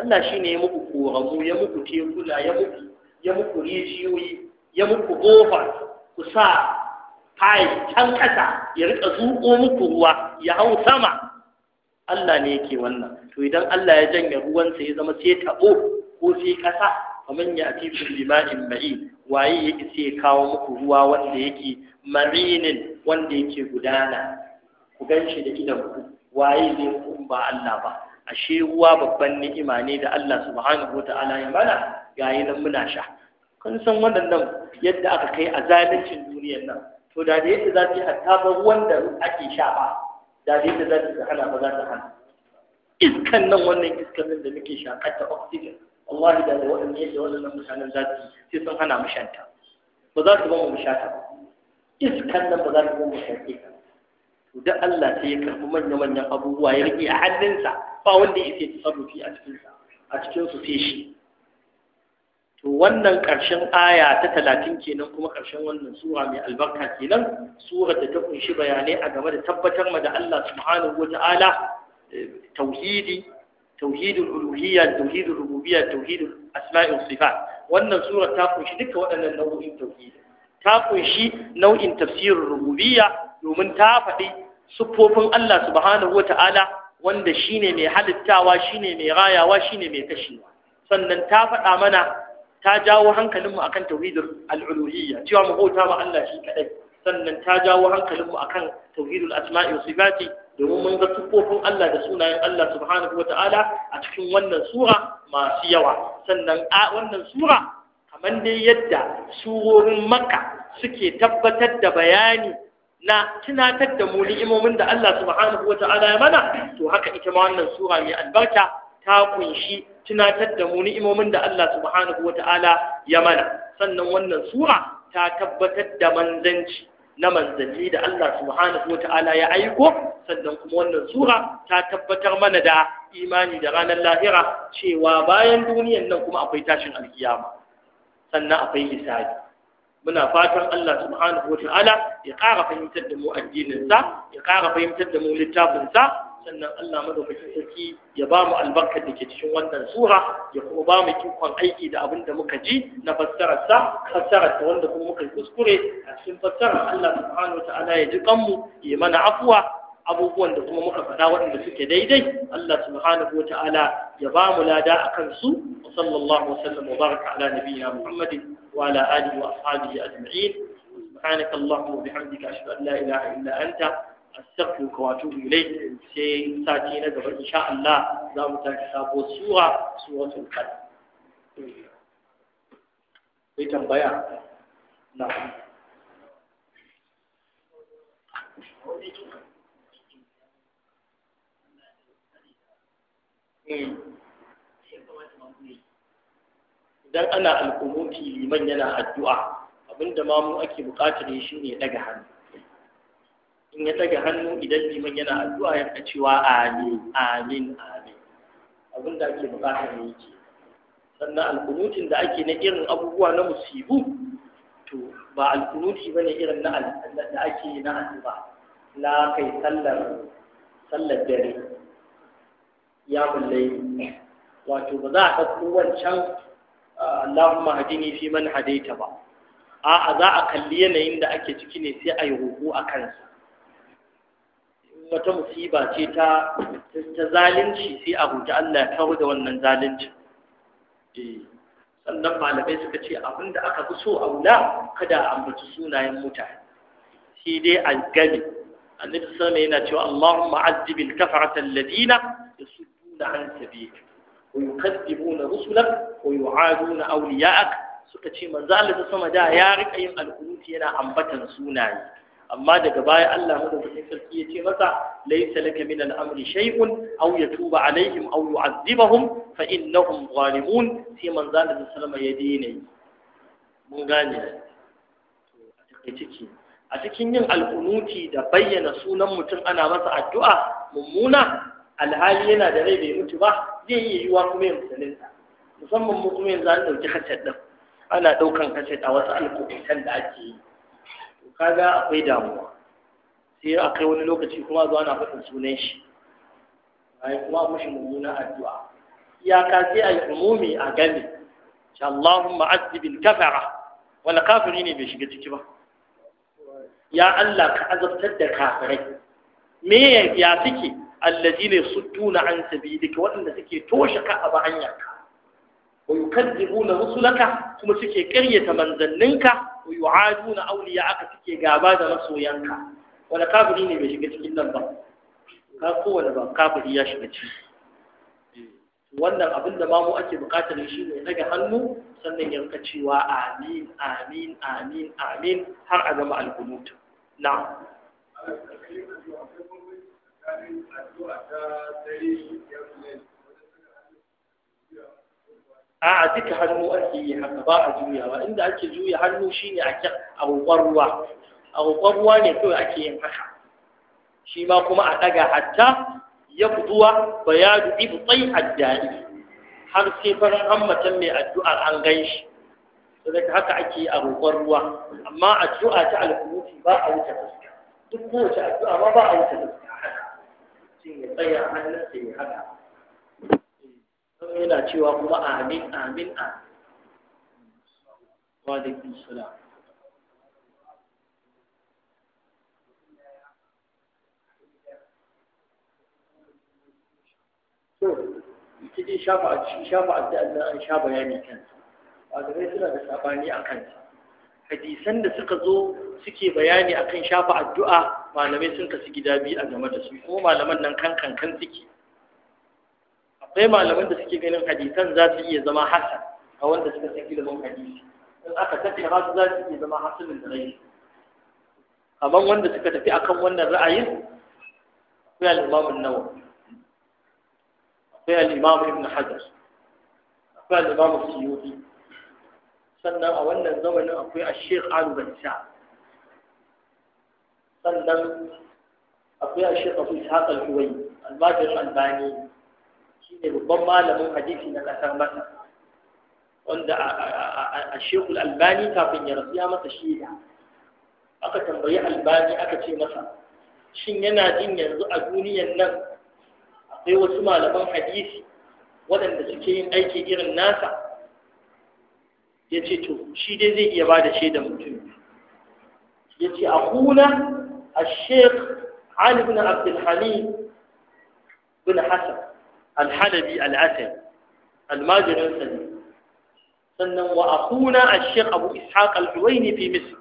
Allah shi ne ya muku koramu ya muku tekuna ya muku ya muku rijiyoyi ya muku ƙofa ku sa fayi can kasa ya rika zuƙo muku ruwa ya hau sama Allah ne yake wannan to idan Allah ya janye ruwansa ya zama sai taɓo ko sai ƙasa ومن يأتي بماء معين waye ya isa ya kawo muku ruwa wanda yake marinin wanda yake gudana ku gan da idan ku waye zai muku ba Allah ba ashe ruwa babban ni'ima ne da Allah subhanahu wata'ala ya mana gayi nan muna sha kun san yadda aka a duniyar to da yadda za ta ruwan da ake sha ba da za hana ba za ta hana iskan nan wannan iskan da muke shakar ta oxygen wallahi da waɗanda yadda wannan mutanen za su sai sun hana mu shan ta ba za su ba mu shata ba iskan nan ba za su ba mu shanta to da Allah sai ya karɓi manya-manyan abubuwa ya rike a hannunsa ba wanda ya sai tasarrufi a cikinsa a cikin su sai shi to wannan ƙarshen aya ta talatin kenan kuma ƙarshen wannan sura mai albarka kenan sura da ta kunshi bayanai a game da tabbatar ma da Allah subhanahu wa ta'ala eh, tauhidi tauhidul uluhiyya tauhidul rububiyya tauhidul asma'i was wannan surar ta kunshi duka waɗannan nau'in tauhid ta kunshi nau'in tafsirin rububiyya domin ta faɗi siffofin Allah subhanahu wata'ala wanda shine mai halittawa shine mai rayawa shine mai kashewa sannan ta faɗa mana ta jawo hankalinmu akan tauhidul al'uluhiyya cewa mu bauta ma Allah shi kadai sannan ta jawo hankalinmu akan tauhidul asma'i was domin mun ga tukofin Allah da sunayen Allah subhanahu wa ta'ala a cikin wannan sura masu yawa sannan a wannan sura kamar dai yadda surorin makka suke tabbatar da bayani na tunatar da mu da Allah subhanahu wa ta'ala ya mana to haka ita ma wannan sura mai albarka ta kunshi tunatar da mu ni'imomin da Allah subhanahu wa ta'ala ya mana sannan wannan sura ta tabbatar da manzanci na manzanni da Allah subhanahu Ta'ala ya aiko sannan kuma wannan sura ta tabbatar mana da imani da ranar lahira cewa bayan duniyan nan kuma akwai tashin alkiyama sannan akwai misali muna fatan Allah subhanahu Ta'ala ya ƙara fahimtar da mu addininsa ya ƙara fahimtar da mu littafinsa sannan Allah madaukakin sarki ya ba mu albarkar da ke cikin wannan sura ya kuma ba mu ikon aiki da abin da muka ji na fassarar sa fassarar ta wanda kuma muka kuskure a cikin fassarar Allah subhanahu ta'ala ya ji kanmu ya mana afuwa abubuwan da kuma muka faɗa waɗanda suke daidai Allah subhanahu ta'ala ya ba mu lada a kansu wa sallallahu wasallam wa baraka ala nabiyyina Muhammadin wa ala alihi wa ashabihi ajma'in subhanaka allahumma wa bihamdika ashhadu an la ilaha illa astaghfiruka wa atubu ilayk sai sati na gaba insha Allah za mu tashi sabo suwa suwa sun qadr sai tambaya na idan ana alƙunuti liman yana addu'a abinda ma mu ake buƙatar shi ne daga hannu in ya daga hannu idan liman yana addu'a ya ka cewa amin amin amin abin da ake bukata ne yake sannan alkunutin da ake na irin abubuwa na musibu to ba alkunuti bane irin na da ake na addu'a la kai sallar sallar dare ya bulle wato ba za a ɗauko wancan Allahumma hadini fi man hadaita ba a'a za a kalli yanayin da ake ciki ne sai a yi roƙo a kansa wata musiba ce ta ta zalunci sai a huta Allah ya kawo da wannan zalunci eh, sannan malamai suka ce abinda aka fi so aula kada a ambaci sunayen mutane sai dai a gani annabi sallallahu yana cewa Allahumma azzibil kafarata alladina yasudduna an sabili wa yukadzibuna rusulak wa yu'aduna awliya'ak suka ce manzo Allah sama da ya rika yin alkunuti yana ambatan sunaye amma daga baya Allah madaukakin sarki ya ce masa laysa laka min al-amri shay'un aw yatuba alaihim aw yu'adhibahum fa innahum zalimun sai manzo Allah sallama ya daina yi mun gane a takaice ke a cikin yin alkunuti da bayyana sunan mutum ana masa addu'a mummuna alhali yana da rai bai mutu ba zai iya yiwa kuma ya musulunta musamman mu kuma yanzu an ɗauki kaset ɗin ana ɗaukan kaset a wasu alkunutan da ake yi kaga akwai damuwa sai akai wani lokaci kuma zuwa na faɗin sunan shi ai kuma mushi mummuna addu'a ka sai ai umumi a gami sha Allahumma azzibil kafara wal kafiri ne bai shiga ciki ba ya Allah ka azabtar da kafirai me ya suke allazina yasudduna an sabilika waɗanda suke toshe ka a hanyarka wa yukadzibuna rusulaka kuma suke ƙaryata manzanninka wa yu'aduna awliya aka suke gaba da masoyanka wani kafiri ne mai shiga cikin nan ba ka kowane ba kafiri ya shiga ciki wannan abin da mamu ake bukatar shi ne daga hannu sannan ya rika cewa amin amin amin amin har a gama alkunut na addu'a ta a'a duka hannu ake yi haka ba a juyawa inda ake juya hannu shine a kyan a ruwa a ruwa ne kawai ake yin haka shi ma kuma a ɗaga hatta ya fituwa bayadu ibtai addai har sai farin hammatan mai addu'ar an gan shi saboda haka ake a roƙon ruwa amma addu'a ta alkunuti ba a wuce fuska duk kowace addu'a ma ba a wuce fuska haka shin ya tsaya hannunsa ya haka sun yana cewa kuma amin amin a wa alaikum salam to ita cikin shafa a da Allah an sha bayani kan malamai suna da sabani a kan hadisan da suka zo suke bayani akan shafa addu'a malamai sun kasu gida biyu a game da su kuma malaman nan kan kan kan suke Sai malaman da suke ganin hadisan za su iya zama hasan a wanda suka san ilimin hadisi in aka tattara su za su iya zama hasanin da rai amma wanda suka tafi akan wannan ra'ayin akwai al-Imam an akwai al-Imam Ibn Hajar akwai al-Imam Suyuti sannan a wannan zamanin akwai Ash-Sheikh Al-Bansa sannan akwai a sheikh Abu Ishaq Al-Huwayi al-Bajir al-Bani shine babban malamin hadisi na kasar masa? wanda a shekul Albani kafin ya rasu ya masa shaida aka tambayi Albani aka ce masa shin yana jin yanzu a duniyan nan akwai wasu malaman hadisi waɗanda suke yin aiki irin nasa ya ce to shi dai zai iya ba da shaidan mutum ya ce a kuna a sheikh Ali bin Abdulhamid bin Hassan الحلبي الأسد الماجر السليم sannan wa akuna al-sheikh abu ishaq al-huwaini fi misr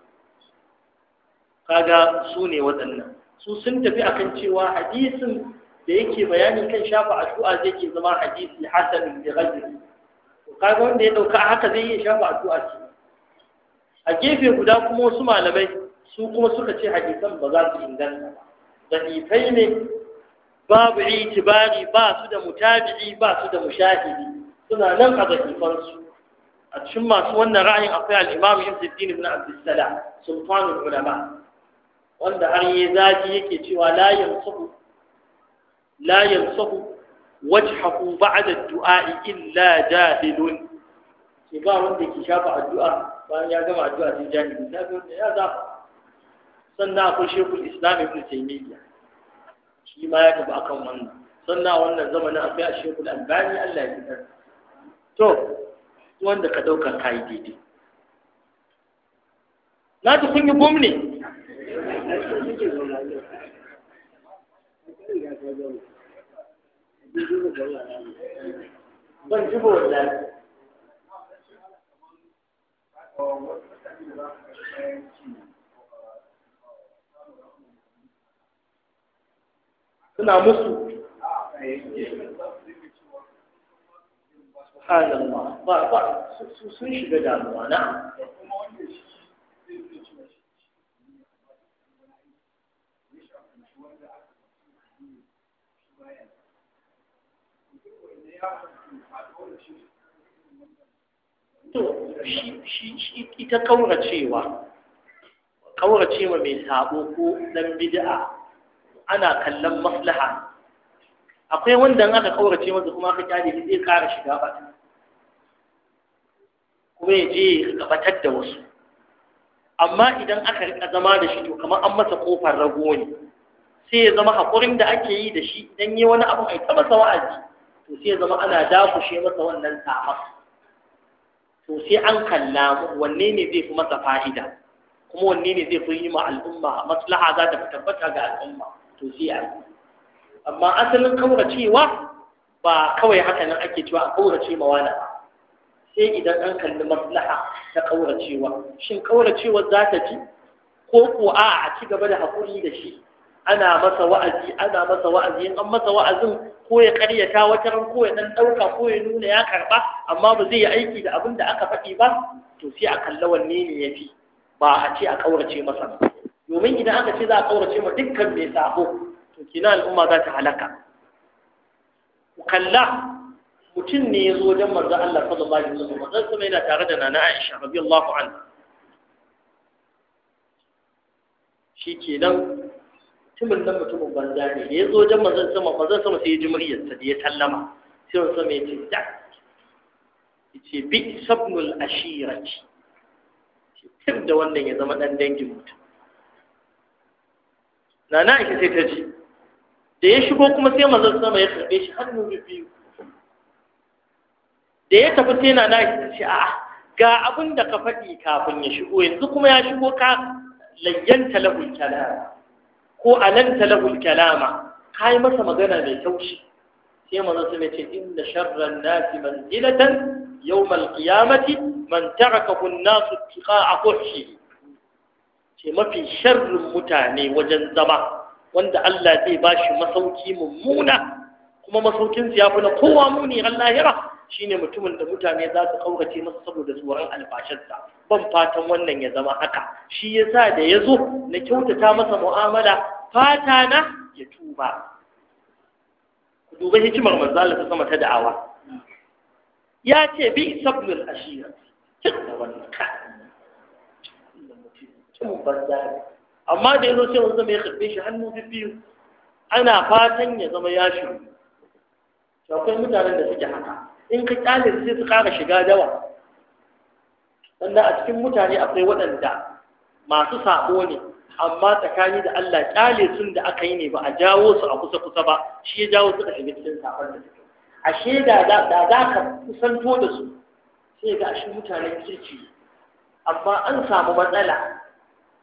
kaga su ne waɗannan su sun tafi akan cewa hadisin da yake bayanin kan shafa addu'a zai ke zama hadisi hasan bi ghayri kaga wanda ya dauka haka zai yi shafa addu'a a gefe guda kuma wasu malamai su kuma suka ce hadisan ba za su inganta ne babu itibari ba su da mutabi'i ba su da mushahidi suna nan a zakifansu a cikin masu wannan ra'ayin akwai al-imam Ibn ibn Abd Salam sultanul ulama wanda har yi zaji yake cewa la yansahu la yansahu wajhahu ba'da ad-du'a illa jahilun ke ba wanda ke shafa addu'a bayan ya gama addu'a sai jahili ya zafa sannan akwai shekul islam ibn taymiyyah shi ma ya tafi akan wannan sannan wannan zamanin akwai a shekul albani Allah ya fitar to wanda ka ɗauka ka yi daidai na ta kun yi bom ne ban ji ba wallahi Thank you. suna musu subhanallah ba ba sun shiga damuwa na To, ita kauracewa, kauracewa mai sabo ko ɗan bid'a ana kallon maslaha akwai wanda in aka kaurace masa kuma aka kyale shi zai ƙara shiga ba kuma ya je ya gabatar da wasu amma idan aka rika zama da shi to kamar an masa kofar rago ne sai ya zama haƙurin da ake yi da shi idan yi wani abu ai ta masa wa'azi to sai ya zama ana dakushe masa wannan tsafa to sai an kalla wanne ne zai fi masa fa'ida kuma wanne ne zai fi yi ma al'umma maslaha za ta fi tabbata ga al'umma to sai a yi amma asalin ƙauracewa ba kawai haka nan ake cewa a kaurace ma sai idan an kalli maslaha ta kauracewa shin ƙauracewa za ta ji ko ko a a ci gaba da haƙuri da shi ana masa wa'azi ana masa wa'azi an masa wa'azin ko ya karyata wata ran ko ya dan dauka ko ya nuna ya karba amma ba zai yi aiki da abin da aka faɗi ba to sai a kalla wanne ne yafi ba a ce a kaurace masa ba domin idan aka ce za a kaurace ma dukkan mai sabo to kina al'umma za ta halaka ku kalla mutum ne ya zo wajen manzo Allah sallallahu alaihi wasallam manzo sama yana tare da nana Aisha radiyallahu anha nan mutumin nan mutumin banza ne ya zo wajen manzo sama manzo sama sai ya ji muryarsa da ya sallama sai manzo sama ya ce da yace bi sabnul ashirati tir da wannan ya zama dan dangin mutum Na na aisha sai ta ji da ya shigo kuma sai manzon sama ya karbe shi hannu biyu da ya tafi sai na aisha ta ce a'a ga abin da ka faɗi kafin ya shigo yanzu kuma ya shigo ka layyan talabul kalama ko nan talabul kalama ka yi masa magana mai taushi sai manzon sama ya ce inna sharran nasi manzilatan yawmal qiyamati man taraka an-nasu tiqa'a fuhshihi ce mafi sharrin mutane wajen zama wanda Allah zai ba shi masauki mummuna kuma masaukin ya fi na kowa muni ran lahira shine mutumin da mutane za su kaurace masa saboda tsoron albashinsa ban fatan wannan ya zama haka shi ya sa da ya zo na kyautata masa mu'amala fata na ya tuba ku duba hikimar manzala ta sama ta da'awa ya ce bi sabbin ashirin cikin wannan cin banza ne amma da yazo sai wanzu mai karbe shi hannu biyu ana fatan ya zama ya shi to akwai mutanen da suke haka in ka kyale sai su kara shiga dawa sannan a cikin mutane akwai waɗanda masu sako ne amma tsakani da Allah kyale sun da aka yi ne ba a jawo su a kusa kusa ba shi ya jawo suka shiga cikin safar da suke a da da za ka kusanto da su sai ga shi mutanen kirki amma an samu matsala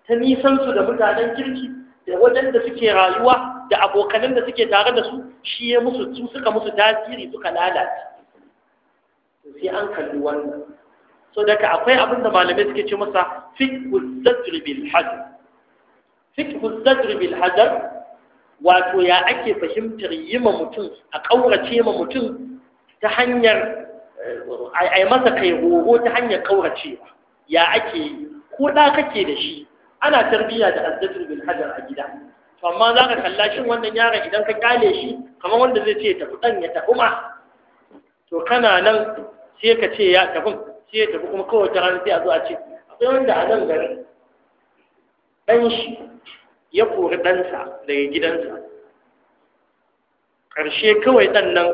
ta nisan su da mutanen kirki da waɗanda suke rayuwa da abokanan da suke tare da su shi ya musu su suka musu tasiri suka lalace sai an kalli wannan so daga akwai abin da malamai suke ce masa fiqhul zajr hajar hajar wato ya ake fahimtar yi ma mutum a kaurace ma mutum ta hanyar eh, a masa kai horo ta hanyar kaurace ya ake ko ɗaka kake da shi ana tarbiyya da azzatu bil hajar a gida to amma za ka kalla shin wannan yaron idan ka kale shi kamar wanda zai ce tafi dan ya tafi ma to kana nan sai ka ce ya tafi sai ya tafi kuma kawai ta rana sai a zo a ce akwai wanda a nan gari. dan shi ya kori ɗansa daga gidansa ƙarshe kawai ɗan nan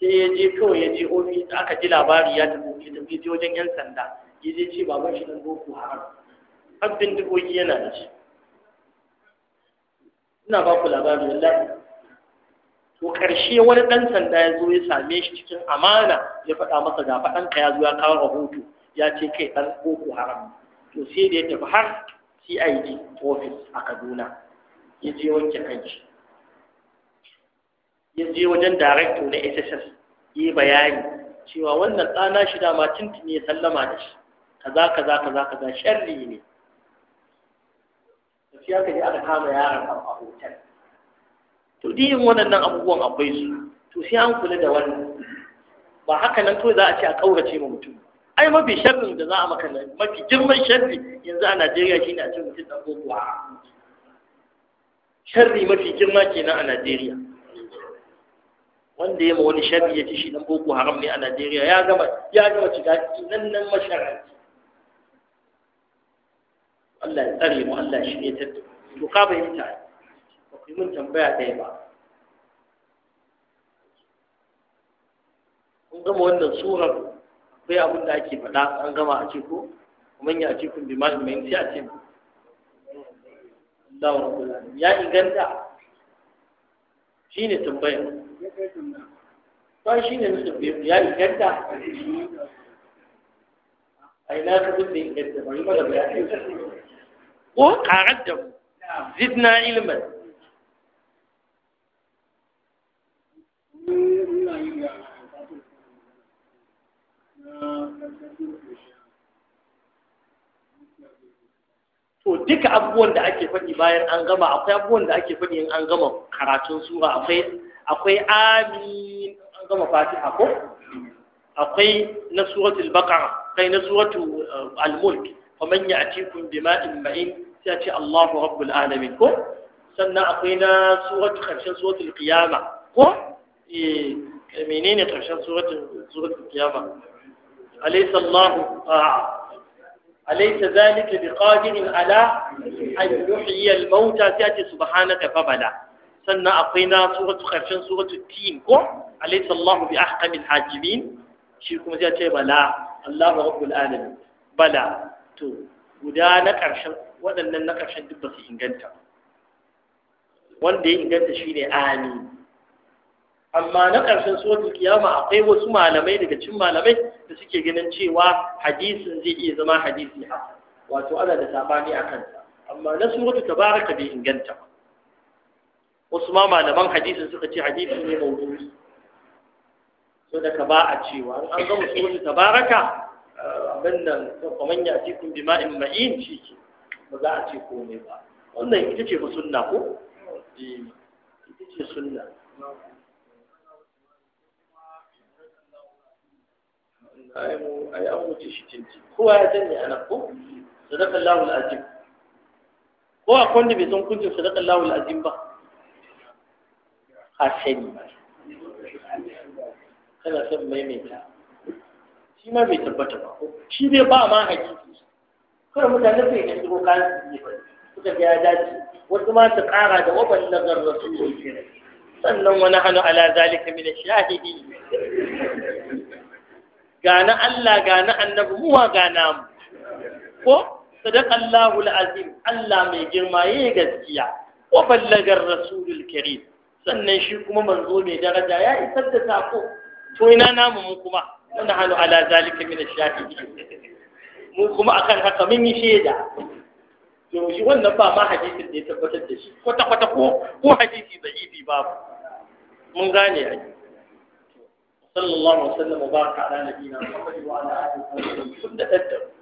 sai ya je kawai ya je ofis aka ji labari ya tafi ya tafi je wajen yan sanda ya je ce baban shi nan boko haram har bindigogi yana da shi ina ba ku labari wallahi to ƙarshe wani ɗan sanda ya zo ya same shi cikin amana ya faɗa masa ga ka ya zo ya kawo rahoto ya ce kai ɗan boko haram to sai da ya tafi har cid office a kaduna ya je wanke kanshi ya je wajen director na sss yi bayani cewa wannan ɗana shi dama tuntuni ya sallama da shi kaza kaza kaza kaza sharri ne sai aka je aka kama yaron a hotel to diyin waɗannan abubuwan akwai su to sai an kula da wannan ba haka nan kawai za a ce a kaurace ma mutum ai mafi sharrin da za a maka nan mafi girman sharri yanzu a Najeriya shi ne a ce mutum dan boko sharri mafi girma kenan a Najeriya wanda ya ma wani sharri ya ci shi dan boko haram ne a Najeriya ya gama ya gama shiga nan nan masharanci Allah ya tsare mu Allah shi ne ta to ka bayyanta ba ku yi mun tambaya ɗaya ba kun gama wannan surar akwai abin da ake faɗa an gama a ce ko kuma ya ce kun bi ma mai sai a ce Allah rabbul alamin ya inganta shine tambayar ba shine nufin ya inganta ai na ka da mana ko karar da zidna ilimin? to duka abubuwan da ake faɗi bayan an gama akwai abubuwan da ake faɗi in an gama karatun sura akwai akwai amin an gama fatiha ko akwai na suratul baqara sai na zuwatu uh, al-mulk kamar ya ci kun bi ma'in ma'in sai ce Allahu rabbul alamin ko sannan akwai na suratul karshen suratul qiyama ko eh menene karshen suratul suratul qiyama alaysa Allahu ah, alaysa zalika biqadirin ala an yuhyiya al-mauta sai ce subhanaka fabala sannan akwai na suratul karshen suratul tin ko alaysa Allahu bi ahkamil hajibin shi kuma sai ce bala Allahu rabbul alamin bala to guda na ƙarshen waɗannan na ƙarshen duk ba su inganta wanda ya inganta shi ne amin amma na ƙarshen suratul kiyama akwai wasu malamai daga cin malamai da suke ganin cewa hadisin zai iya zama hadisi hasan wato ana da sabani a kansa amma na suratul tabaraka bai inganta wasu ma malaman hadisin suka ce hadisi ne mawdu'i so da ka ba a cewa an gama suratul tabaraka abin nan kwamman ya ci kun in ma'in shi ba za a ce kome ba wannan ita ce ba sunna ko eh, ita ce sunna shi kowa ya janye ana ko sadaka lawul azim ko akwai bai san kuncin sadaka lawul azim ba ka sani ba kana son maimaita shi ma bai tabbata ba ko shi bai ba ma hakiki kar mutane sai ne su roƙa su yi suka ga ya dace wasu ma su kara da waban nazar rasulun sannan wani hannu ala zalika min shahidi gana Allah gana annabi muwa gana mu ko sadaka Allahul azim Allah mai girma yayi gaskiya wa ballagar rasulul karim sannan shi kuma manzo mai daraja ya isar da sako to ina namu mu kuma wannan hannu ala zalika min shafi shahidi mu kuma akan haka mun yi shaida to shi wannan ba ma hadisin da ya tabbatar da shi kwata kwata ko ko hadisi da ibi babu mun gane ai sallallahu alaihi wasallam baraka ala nabiyina muhammad wa ala alihi wa sahbihi kun da daddare